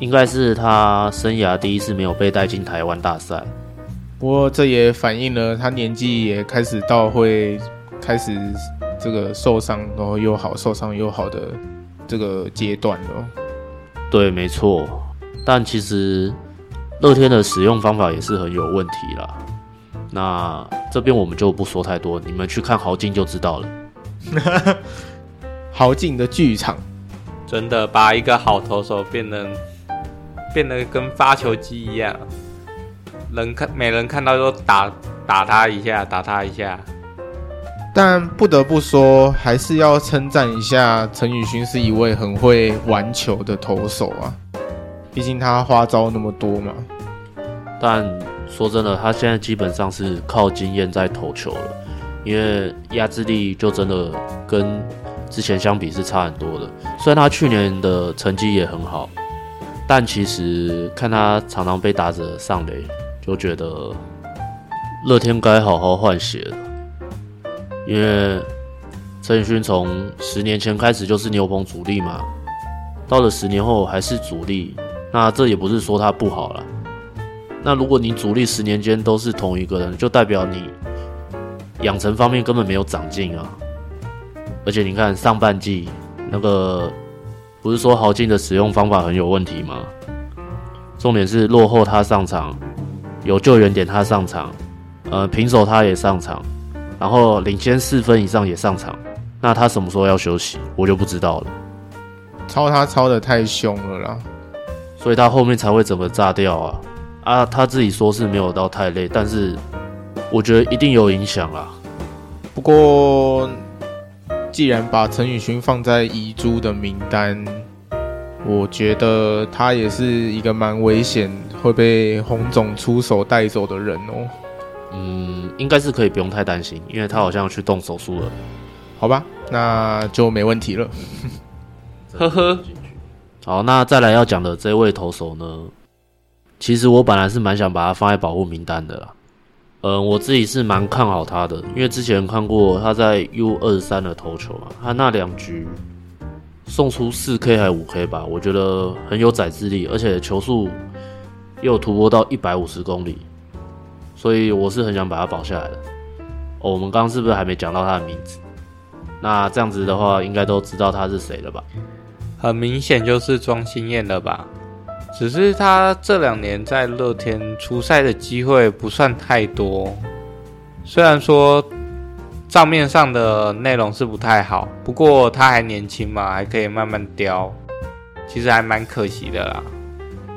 應該是他生涯第一次沒有被帶進台灣大賽。不過這也反映了他年紀也開始到會開始這個受傷，然後又好受傷又好的這個階段了。對，沒錯。但其實樂天的使用方法也是很有問題啦。那這邊我們就不說太多，你們去看豪金就知道了。 豪駒的劇場，真的把一個好投手變成變得跟發球機一樣，人看每人看到都打打他一下，打他一下。但不得不說，還是要稱讚一下陳禹勳是一位很會玩球的投手啊，畢竟他花招那麼多嘛。但說真的，他現在基本上是靠經驗在投球了，因為壓制力就真的跟。之前相比是差很多的，雖然他去年的成績也很好，但其實看他常常被打者上壘，就覺得樂天該好好換血了。因為陳禹勳從十年前開始就是牛棚主力嘛，到了十年後還是主力，那這也不是說他不好了。那如果你主力十年間都是同一個人，就代表你養成方面根本沒有長進啊。而且你看上半季那個，不是說豪勁的使用方法很有問題嗎？重點是落後他上場，有救援點他上場，呃平手他也上場，然後領先四分以上也上場。那他什麼時候要休息，我就不知道了。操他操得太凶了啦，所以他後面才會怎麼炸掉啊？啊，他自己說是沒有到太累，但是我覺得一定有影響啊。不過。既然把陳禹勳放在遺珠的名單，我覺得他也是一個蠻危險會被洪總出手帶走的人哦、喔。嗯，應該是可以不用太擔心，因為他好像要去動手術了。好吧，那就沒問題了。 呵呵，好，那再來要講的這位投手呢？其實我本來是蠻想把他放在保護名單的啦。嗯，我自己是蠻看好他的，因為之前看過他在 U 23的投球啊，他那兩局送出四 K 還五 K 吧，我覺得很有宰制力，而且球速又突破到一百五十公里，所以我是很想把他保下來的。哦，我們剛剛是不是還沒講到他的名字？那這樣子的話，應該都知道他是誰了吧？很明顯就是莊昕諺了吧？只是他這兩年在樂天出賽的機會不算太多，雖然說賬面上的內容是不太好，不過他還年輕嘛，還可以慢慢雕。其實還蠻可惜的啦，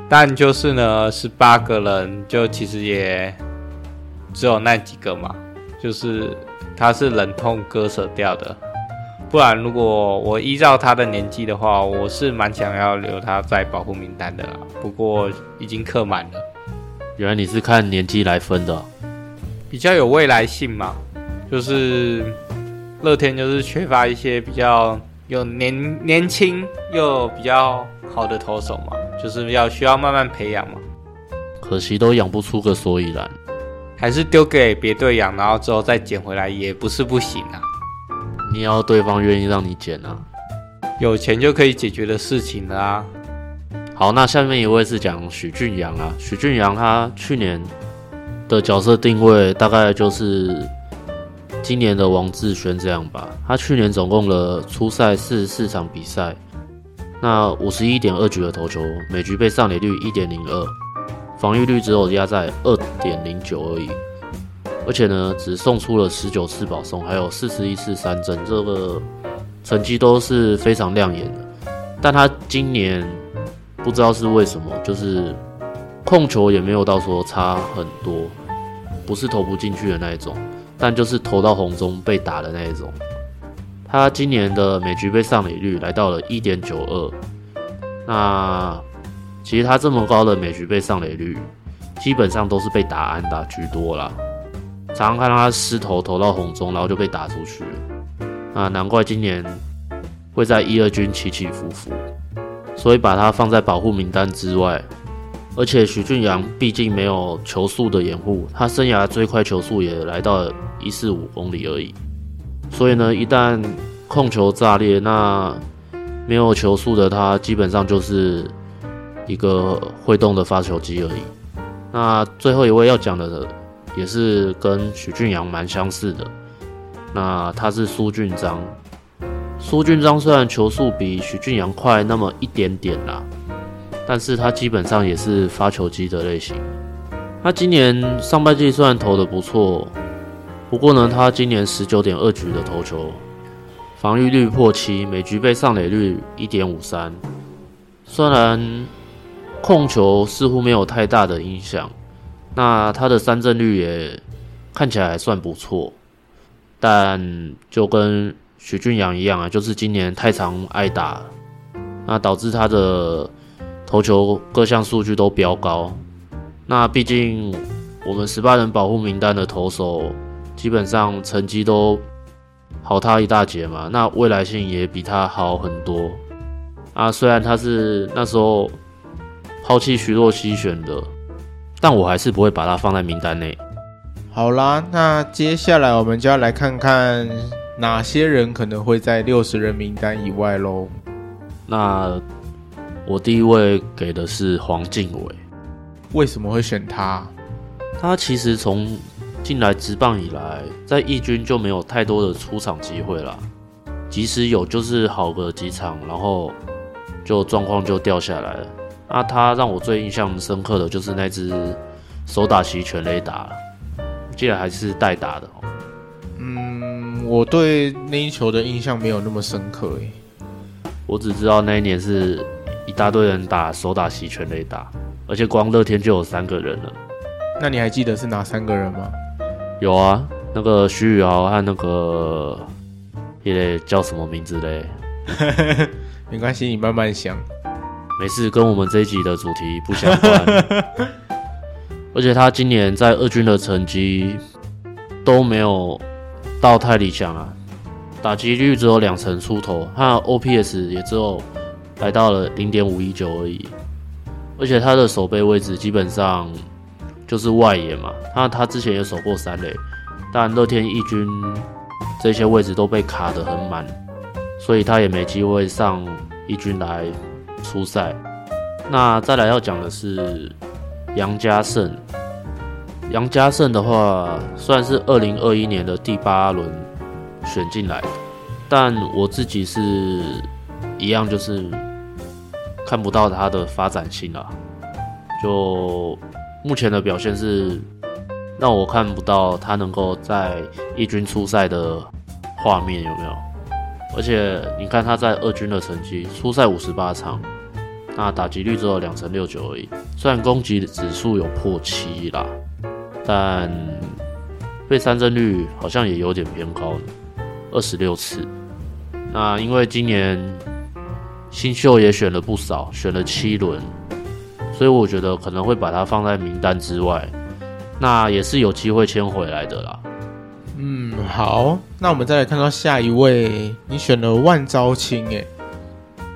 但就是呢，十八個人，就其實也只有那幾個嘛，就是他是忍痛割捨掉的。不然，如果我依照他的年紀的話，我是蠻想要留他在保護名單的啦，不過已經刻滿了。原來你是看年紀來分的啊？比較有未來性嘛。就是樂天就是缺乏一些比較有年年輕又比較好的投手嘛，就是要需要慢慢培養嘛。可惜都養不出個所以然，還是丟給別隊養，然後之後再撿回來也不是不行啊。要對方願意讓你剪啊，有錢就可以解決的事情啦，啊。好，那下面一位是講許俊陽啊，許俊陽他去年的角色定位大概就是今年的王志軒這樣吧。他去年總共了初賽四十四場比賽，那五十一點二局的投球，每局被上壘率一點零二，防禦率只有壓在二點零九而已。而且呢，只送出了十九次保送，還有四十一次三振，這個成績都是非常亮眼的。但他今年不知道是為什麼，就是控球也沒有到說差很多，不是投不進去的那一種，但就是投到紅中被打的那一種。他今年的每局被上壘率來到了一點九二，那其實他這麼高的每局被上壘率，基本上都是被打安打居多啦。常常看到他失投投到紅中，然後就被打出去了啊，難怪今年會在一二軍起起伏伏。所以把他放在保護名單之外。而且徐駿洋畢竟沒有球速的掩護，他生涯最快球速也來到一四五公里而已。所以呢，一旦控球炸裂，那沒有球速的他，基本上就是一個會動的發球機而已。那最後一位要講的，也是跟許俊陽蠻相似的，那他是蘇俊章，蘇俊章雖然球速比許俊陽快那麼一點點啦，但是他基本上也是發球機的類型。他今年上半季雖然投的不錯，不過呢，他今年十九點二局的投球防禦率破七，每局被上壘率一點五三，雖然控球似乎沒有太大的影響。那他的三振率也看起來還算不錯，但就跟許峻暘一樣啊，就是今年太常挨打，那導致他的投球各項數據都飆高。那畢竟我們十八人保護名單的投手基本上成績都好他一大截嘛，那未來性也比他好很多啊。雖然他是那時候拋棄徐若熙選的。但我還是不會把它放在名單內。好啦，那接下來我們就要來看看哪些人可能會在六十人名單以外嘍。那我第一位給的是黃敬偉，為什麼會選他？他其實從進來職棒以來，在一軍就沒有太多的出場機會啦。即使有，就是好個幾場，然後就狀況就掉下來了。啊，他讓我最印象深刻的就是那隻首打席全壘打了，竟然還是代打的。嗯，我對那一球的印象沒有那麼深刻誒。我只知道那一年是一大堆人打首打席全壘打，而且光樂天就有三個人了。那你還記得是哪三個人嗎？有啊，那個徐宇豪和那個，耶，叫什麼名字嘞？ 沒關係，你慢慢想。沒事，跟我們這一集的主題不相關。而且他今年在二軍的成績都沒有到太理想啊，打擊率只有兩成出頭，他的 OPS 也只有來到了零點五一九而已。而且他的守備位置基本上就是外野嘛，他他之前也守過三壘，但樂天一軍這些位置都被卡得很滿，所以他也沒機會上一軍來出賽，那再來要講的是楊家勝，楊家勝的話，雖然是二零二一年的第八輪選進來，但我自己是一樣，就是看不到他的發展性啦。就目前的表現是，讓我看不到他能夠在一軍出賽的畫面有沒有？而且你看他在二軍的成績，出賽五十八場，那打擊率只有兩成六九而已。雖然攻擊指數有破七啦，但被三振率好像也有點偏高了，二十六次。那因為今年新秀也選了不少，選了七輪，所以我覺得可能會把他放在名單之外。那也是有機會簽回來的啦。好，那我們再來看到下一位，你選了萬昭清誒、欸。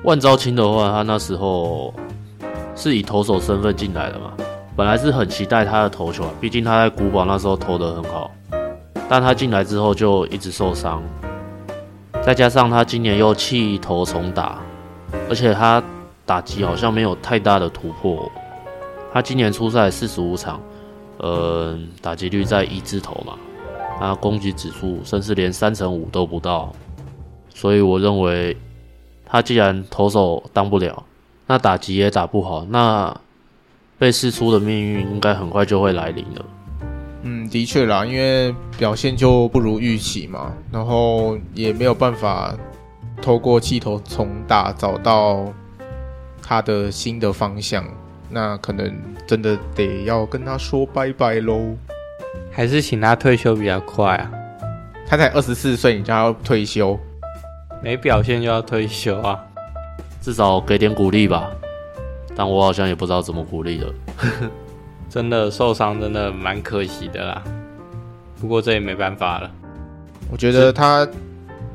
萬昭清的話，他那時候是以投手身份進來的嘛，本來是很期待他的投球，畢竟他在古堡那時候投的很好。但他進來之後就一直受傷，再加上他今年又棄投重打，而且他打擊好像沒有太大的突破。他今年出賽四十五場，呃、嗯，打擊率在一字頭嘛。他攻擊指數甚至連三成五都不到，所以我認為他既然投手當不了，那打擊也打不好，那被釋出的命運應該很快就會來臨了。嗯，的確啦，因為表現就不如預期嘛，然後也沒有辦法透過棄投從打找到他的新的方向，那可能真的得要跟他說拜拜嘍。還是請他退休比較快啊！他才二十四歲，你就要退休，沒表現就要退休啊！至少給點鼓勵吧。但我好像也不知道怎麼鼓勵了。 真的受傷，真的蠻可惜的啦。不過這也沒辦法了。我覺得他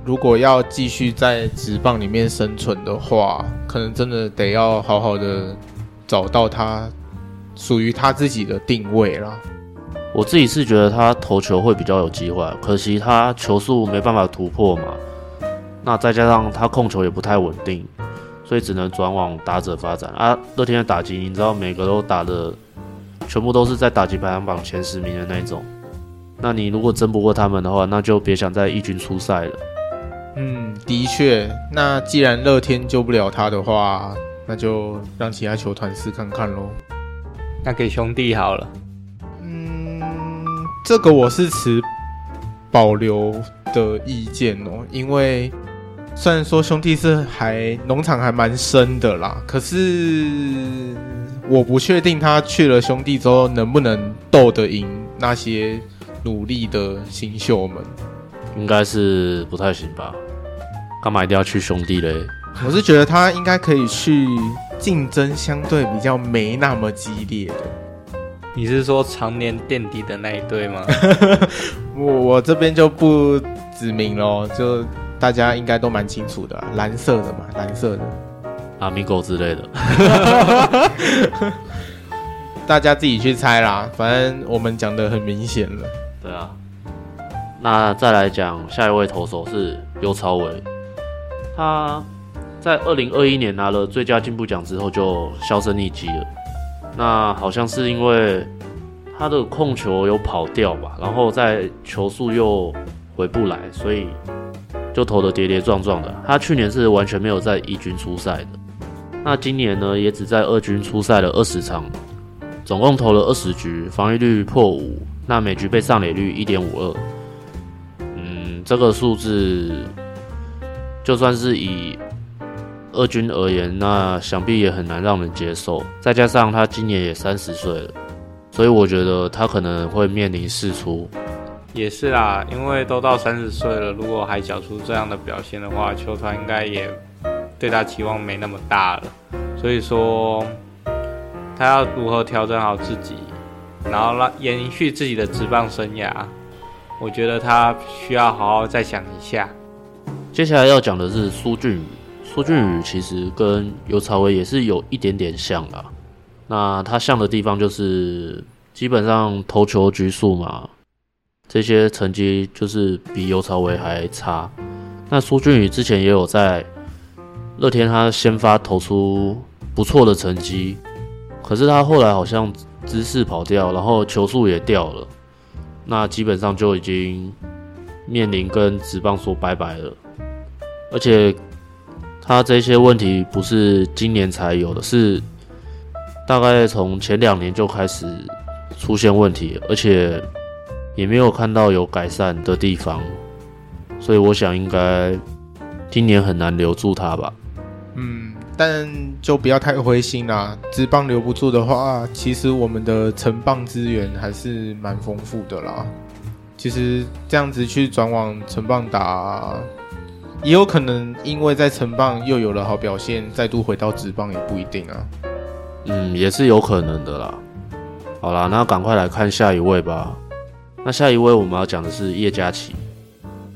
如果要繼續在職棒裡面生存的話，可能真的得要好好的找到他屬於他自己的定位了。我自己是覺得他投球會比較有機會，可惜他球速沒辦法突破嘛。那再加上他控球也不太穩定，所以只能轉往打者發展啊。樂天的打擊，你知道每個都打得，全部都是在打擊排行榜前十名的那種。那你如果爭不過他們的話，那就別想在一軍出賽了。嗯，的確。那既然樂天救不了他的話，那就讓其他球團試看看嘍。那給、個、兄弟好了。這個我是持保留的意見哦，因為雖然說兄弟是還農場還蠻深的啦，可是我不確定他去了兄弟之後能不能鬥得贏那些努力的新秀們。應該是不太行吧？幹嘛一定要去兄弟嘞？我是覺得他應該可以去競爭相對比較沒那麼激烈的。你是說常年墊底的那一隊嗎？ 我我這邊就不指名嘍，就大家應該都蠻清楚的，藍色的嘛，藍色的，阿米狗之類的， 大家自己去猜啦。反正我們講的很明顯了，對啊。那再來講下一位投手是劉朝偉，他在二零二一年拿了最佳進步獎之後就銷聲匿跡了。那好像是因為他的控球有跑掉吧，然後在球速又回不來，所以就投的跌跌撞撞的。他去年是完全沒有在一軍出賽的，那今年呢也只在二軍出賽了二十場，總共投了二十局，防禦率破五，那每局被上壘率一點五二，嗯，這個數字就算是以。二軍而言，那想必也很難讓人接受。再加上他今年也三十歲了，所以我覺得他可能會面臨釋出。也是啦，因為都到三十歲了，如果還繳出這樣的表現的話，球團應該也對他期望沒那麼大了。所以說，他要如何調整好自己，然後讓延續自己的職棒生涯，我覺得他需要好好再想一下。接下來要講的是蘇俊宇。蘇俊宇其實跟游朝偉，也是有一點點像的啊，那他像的地方就是基本上投球局數嘛，這些成績就是比游朝偉還差。那蘇俊宇之前也有在樂天他先發投出不錯的成績，可是他後來好像姿勢跑掉，然後球速也掉了，那基本上就已經面臨跟職棒說拜拜了，而且。他這些問題不是今年才有的，是大概從前兩年就開始出現問題，而且也沒有看到有改善的地方，所以我想應該今年很難留住他吧。嗯，但就不要太灰心啦。職棒留不住的話，其實我們的成棒資源還是蠻豐富的啦。其實這樣子去轉往成棒打。也有可能，因為在成棒又有了好表現，再度回到職棒也不一定啊。嗯，也是有可能的啦。好啦，那趕快來看下一位吧。那下一位我們要講的是葉佳琪。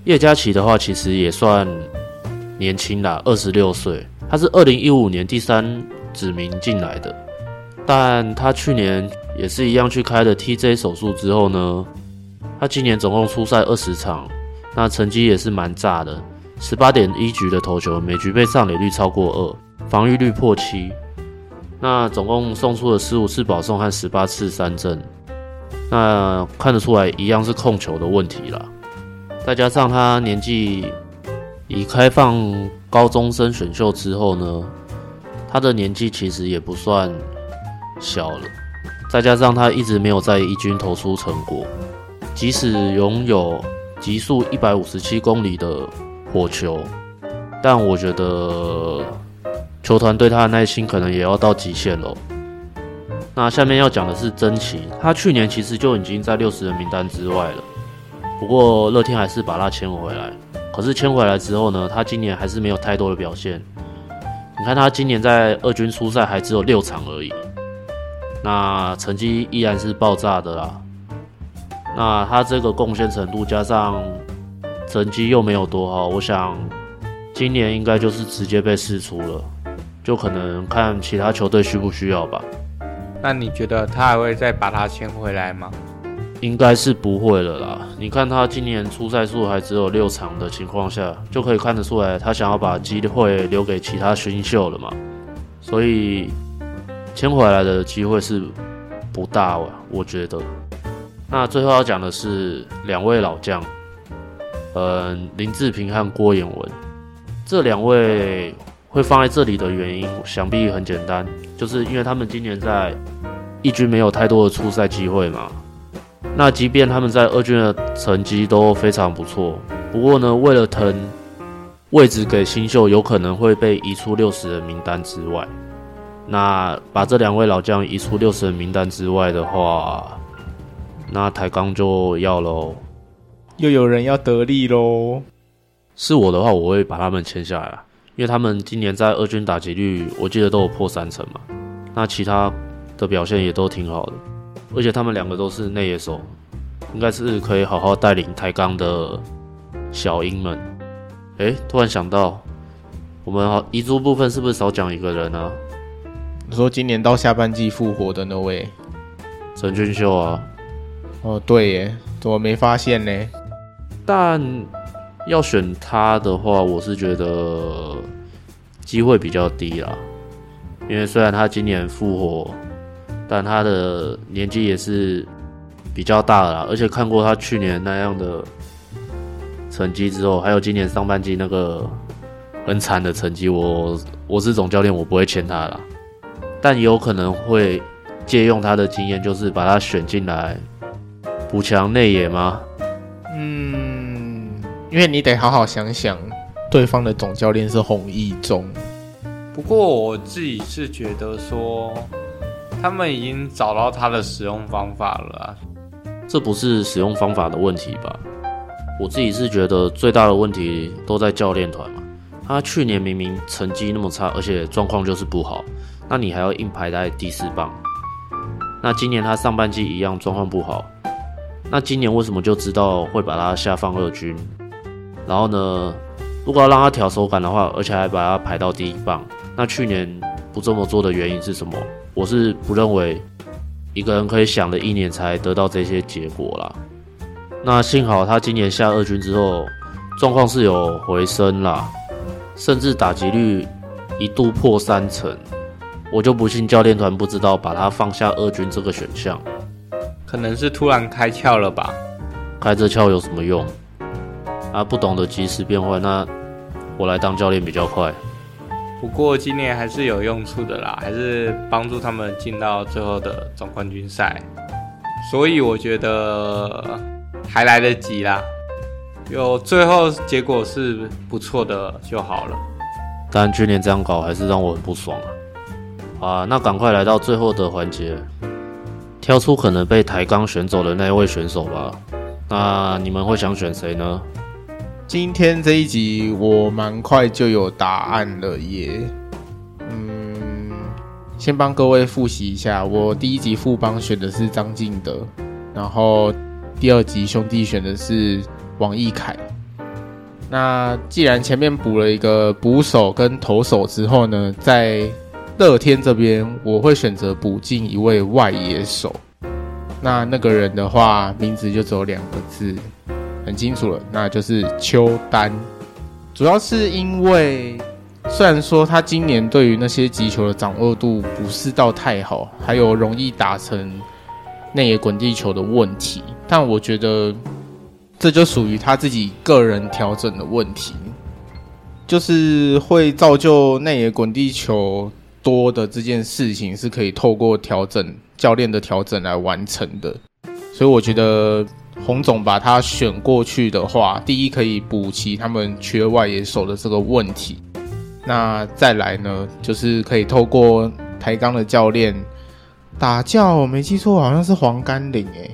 葉佳琪的話，其實也算年輕啦，二十六歲，他是二零一五年第三指名進來的，但他去年也是一樣去開了 TJ 手術之後呢，他今年總共出賽二十場，那成績也是蠻炸的。十八點一局的投球，每局被上壘率超過二，防禦率破七。那總共送出了十五次保送和十八次三振，那看得出來一樣是控球的問題啦。再加上他年紀，已開放高中生選秀之後呢，他的年紀其實也不算小了。再加上他一直沒有在一軍投出成果，即使擁有極速一百五十七公里的火球，但我覺得球團對他的耐心可能也要到極限了。那下面要講的是真崎，他去年其實就已經在六十人名單之外了，不過樂天還是把他簽回來。可是簽回來之後呢，他今年還是沒有太多的表現。你看他今年在二軍出賽還只有六場而已，那成績依然是爆炸的啦。那他這個貢獻程度加上。成績又沒有多好，我想今年應該就是直接被釋出了，就可能看其他球隊需不需要吧。那你覺得他還會再把他簽回來嗎？應該是不會了啦。你看他今年出賽數還只有六場的情況下，就可以看得出來他想要把機會留給其他新秀了嘛。所以簽回來的機會是不大吧？我覺得。那最後要講的是兩位老將。嗯，林智平和郭彥文這兩位會放在這裡的原因，想必很簡單，就是因為他們今年在一軍沒有太多的出賽機會嘛。那即便他們在二軍的成績都非常不錯，不過呢，為了騰位置給新秀，有可能會被移出六十人名單之外。那把這兩位老將移出六十人名單之外的話，那台鋼就要嘍。又有人要得利嘍！是我的話，我會把他們簽下來了，因為他們今年在二軍打擊率，我記得都有破三成嘛。那其他的表現也都挺好的，而且他們兩個都是內野手，應該是可以好好帶領台鋼的小鷹們。哎、欸，突然想到，我們遺珠部分是不是少講一個人啊？你說今年到下半季復活的那位，陳俊秀啊？哦，對耶，怎麼沒發現呢？但要選他的話，我是覺得機會比較低啦，因為雖然他今年復活，但他的年紀也是比較大了啦，而且看過他去年那樣的成績之後，還有今年上半季那個很慘的成績，我我是總教練，我不會簽他啦。但也有可能會借用他的經驗，就是把他選進來補強內野嗎？因為你得好好想想，對方的總教練是洪一中。不過我自己是覺得說，他們已經找到他的使用方法了啊。這不是使用方法的問題吧？我自己是覺得最大的問題都在教練團嘛。他去年明明成績那麼差，而且狀況就是不好，那你還要硬排在第四棒。那今年他上半季一樣狀況不好，那今年為什麼就知道會把他下放二軍？然後呢？如果要讓他調手感的話，而且還把他排到第一棒。那去年不這麼做的原因是什麼？我是不認為一個人可以想了一年才得到這些結果啦。那幸好他今年下二軍之後，狀況是有回升啦，甚至打擊率一度破三成。我就不信教練團不知道把他放下二軍這個選項。可能是突然開竅了吧？開這竅有什麼用？啊，不懂得及時變換，那我來當教練比較快。不過今年還是有用處的啦，還是幫助他們進到最後的總冠軍賽。所以我覺得還來得及啦，有最後結果是不錯的就好了。但去年這樣搞還是讓我很不爽啊！啊，那趕快來到最後的環節，挑出可能被台鋼選走的那一位選手吧。那你們會想選誰呢？今天這一集我蠻快就有答案了耶。嗯，先幫各位復習一下，我第一集富邦選的是張進德，然後第二集兄弟選的是王奕凱。那既然前面補了一個捕手跟投手之後呢，在樂天這邊我會選擇補進一位外野手。那那個人的話，名字就只有兩個字。很清楚了，那就是邱丹。主要是因為，雖然說他今年對於那些擊球的掌握度不是到太好，還有容易打成內野滾地球的問題，但我覺得這就屬於他自己個人調整的問題。就是會造就內野滾地球多的這件事情，是可以透過調整教練的調整來完成的。所以我覺得。洪總把他選過去的話，第一可以補齊他們缺外野手的這個問題，那再來呢，就是可以透過台鋼的教練打教，我沒記錯，好像是黃甘霖哎，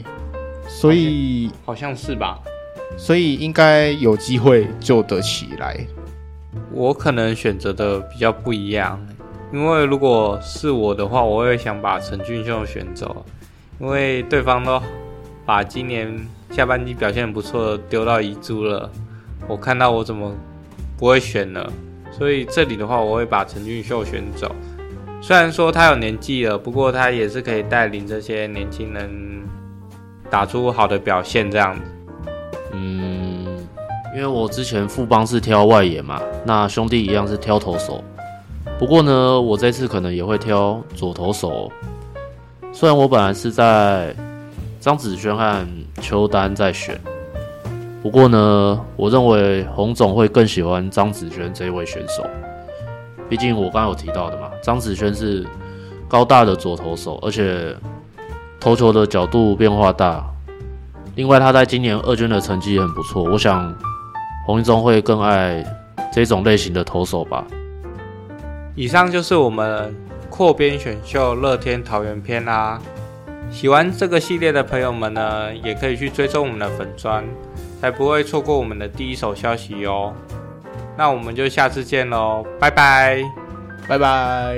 所以、欸、好像是吧，所以應該有機會救得起來。我可能選擇的比較不一樣，因為如果是我的話，我會想把陳俊秀選走，因為對方都。把今年下半季表現不錯的丟到遺珠了。我看到我怎麼不會選了，所以這裡的話我會把陳俊秀選走。雖然說他有年紀了，不過他也是可以帶領這些年輕人打出好的表現這樣子。嗯，因為我之前富邦是挑外野嘛，那兄弟一樣是挑投手。不過呢，我這次可能也會挑左投手。雖然我本來是在張子萱和邱丹在選，不過呢，我認為洪總會更喜歡張子萱這一位選手。畢竟我剛剛有提到的嘛，張子萱是高大的左投手，而且投球的角度變化大。另外，他在今年二軍的成績也很不錯。我想洪一中會更愛這種類型的投手吧。以上就是我們擴編選秀樂天桃猿篇啦、啊。喜歡這個系列的朋友們呢，也可以去追蹤我們的粉專，才不會錯過我們的第一手消息喲、哦。那我們就下次見嘍，拜拜，拜拜。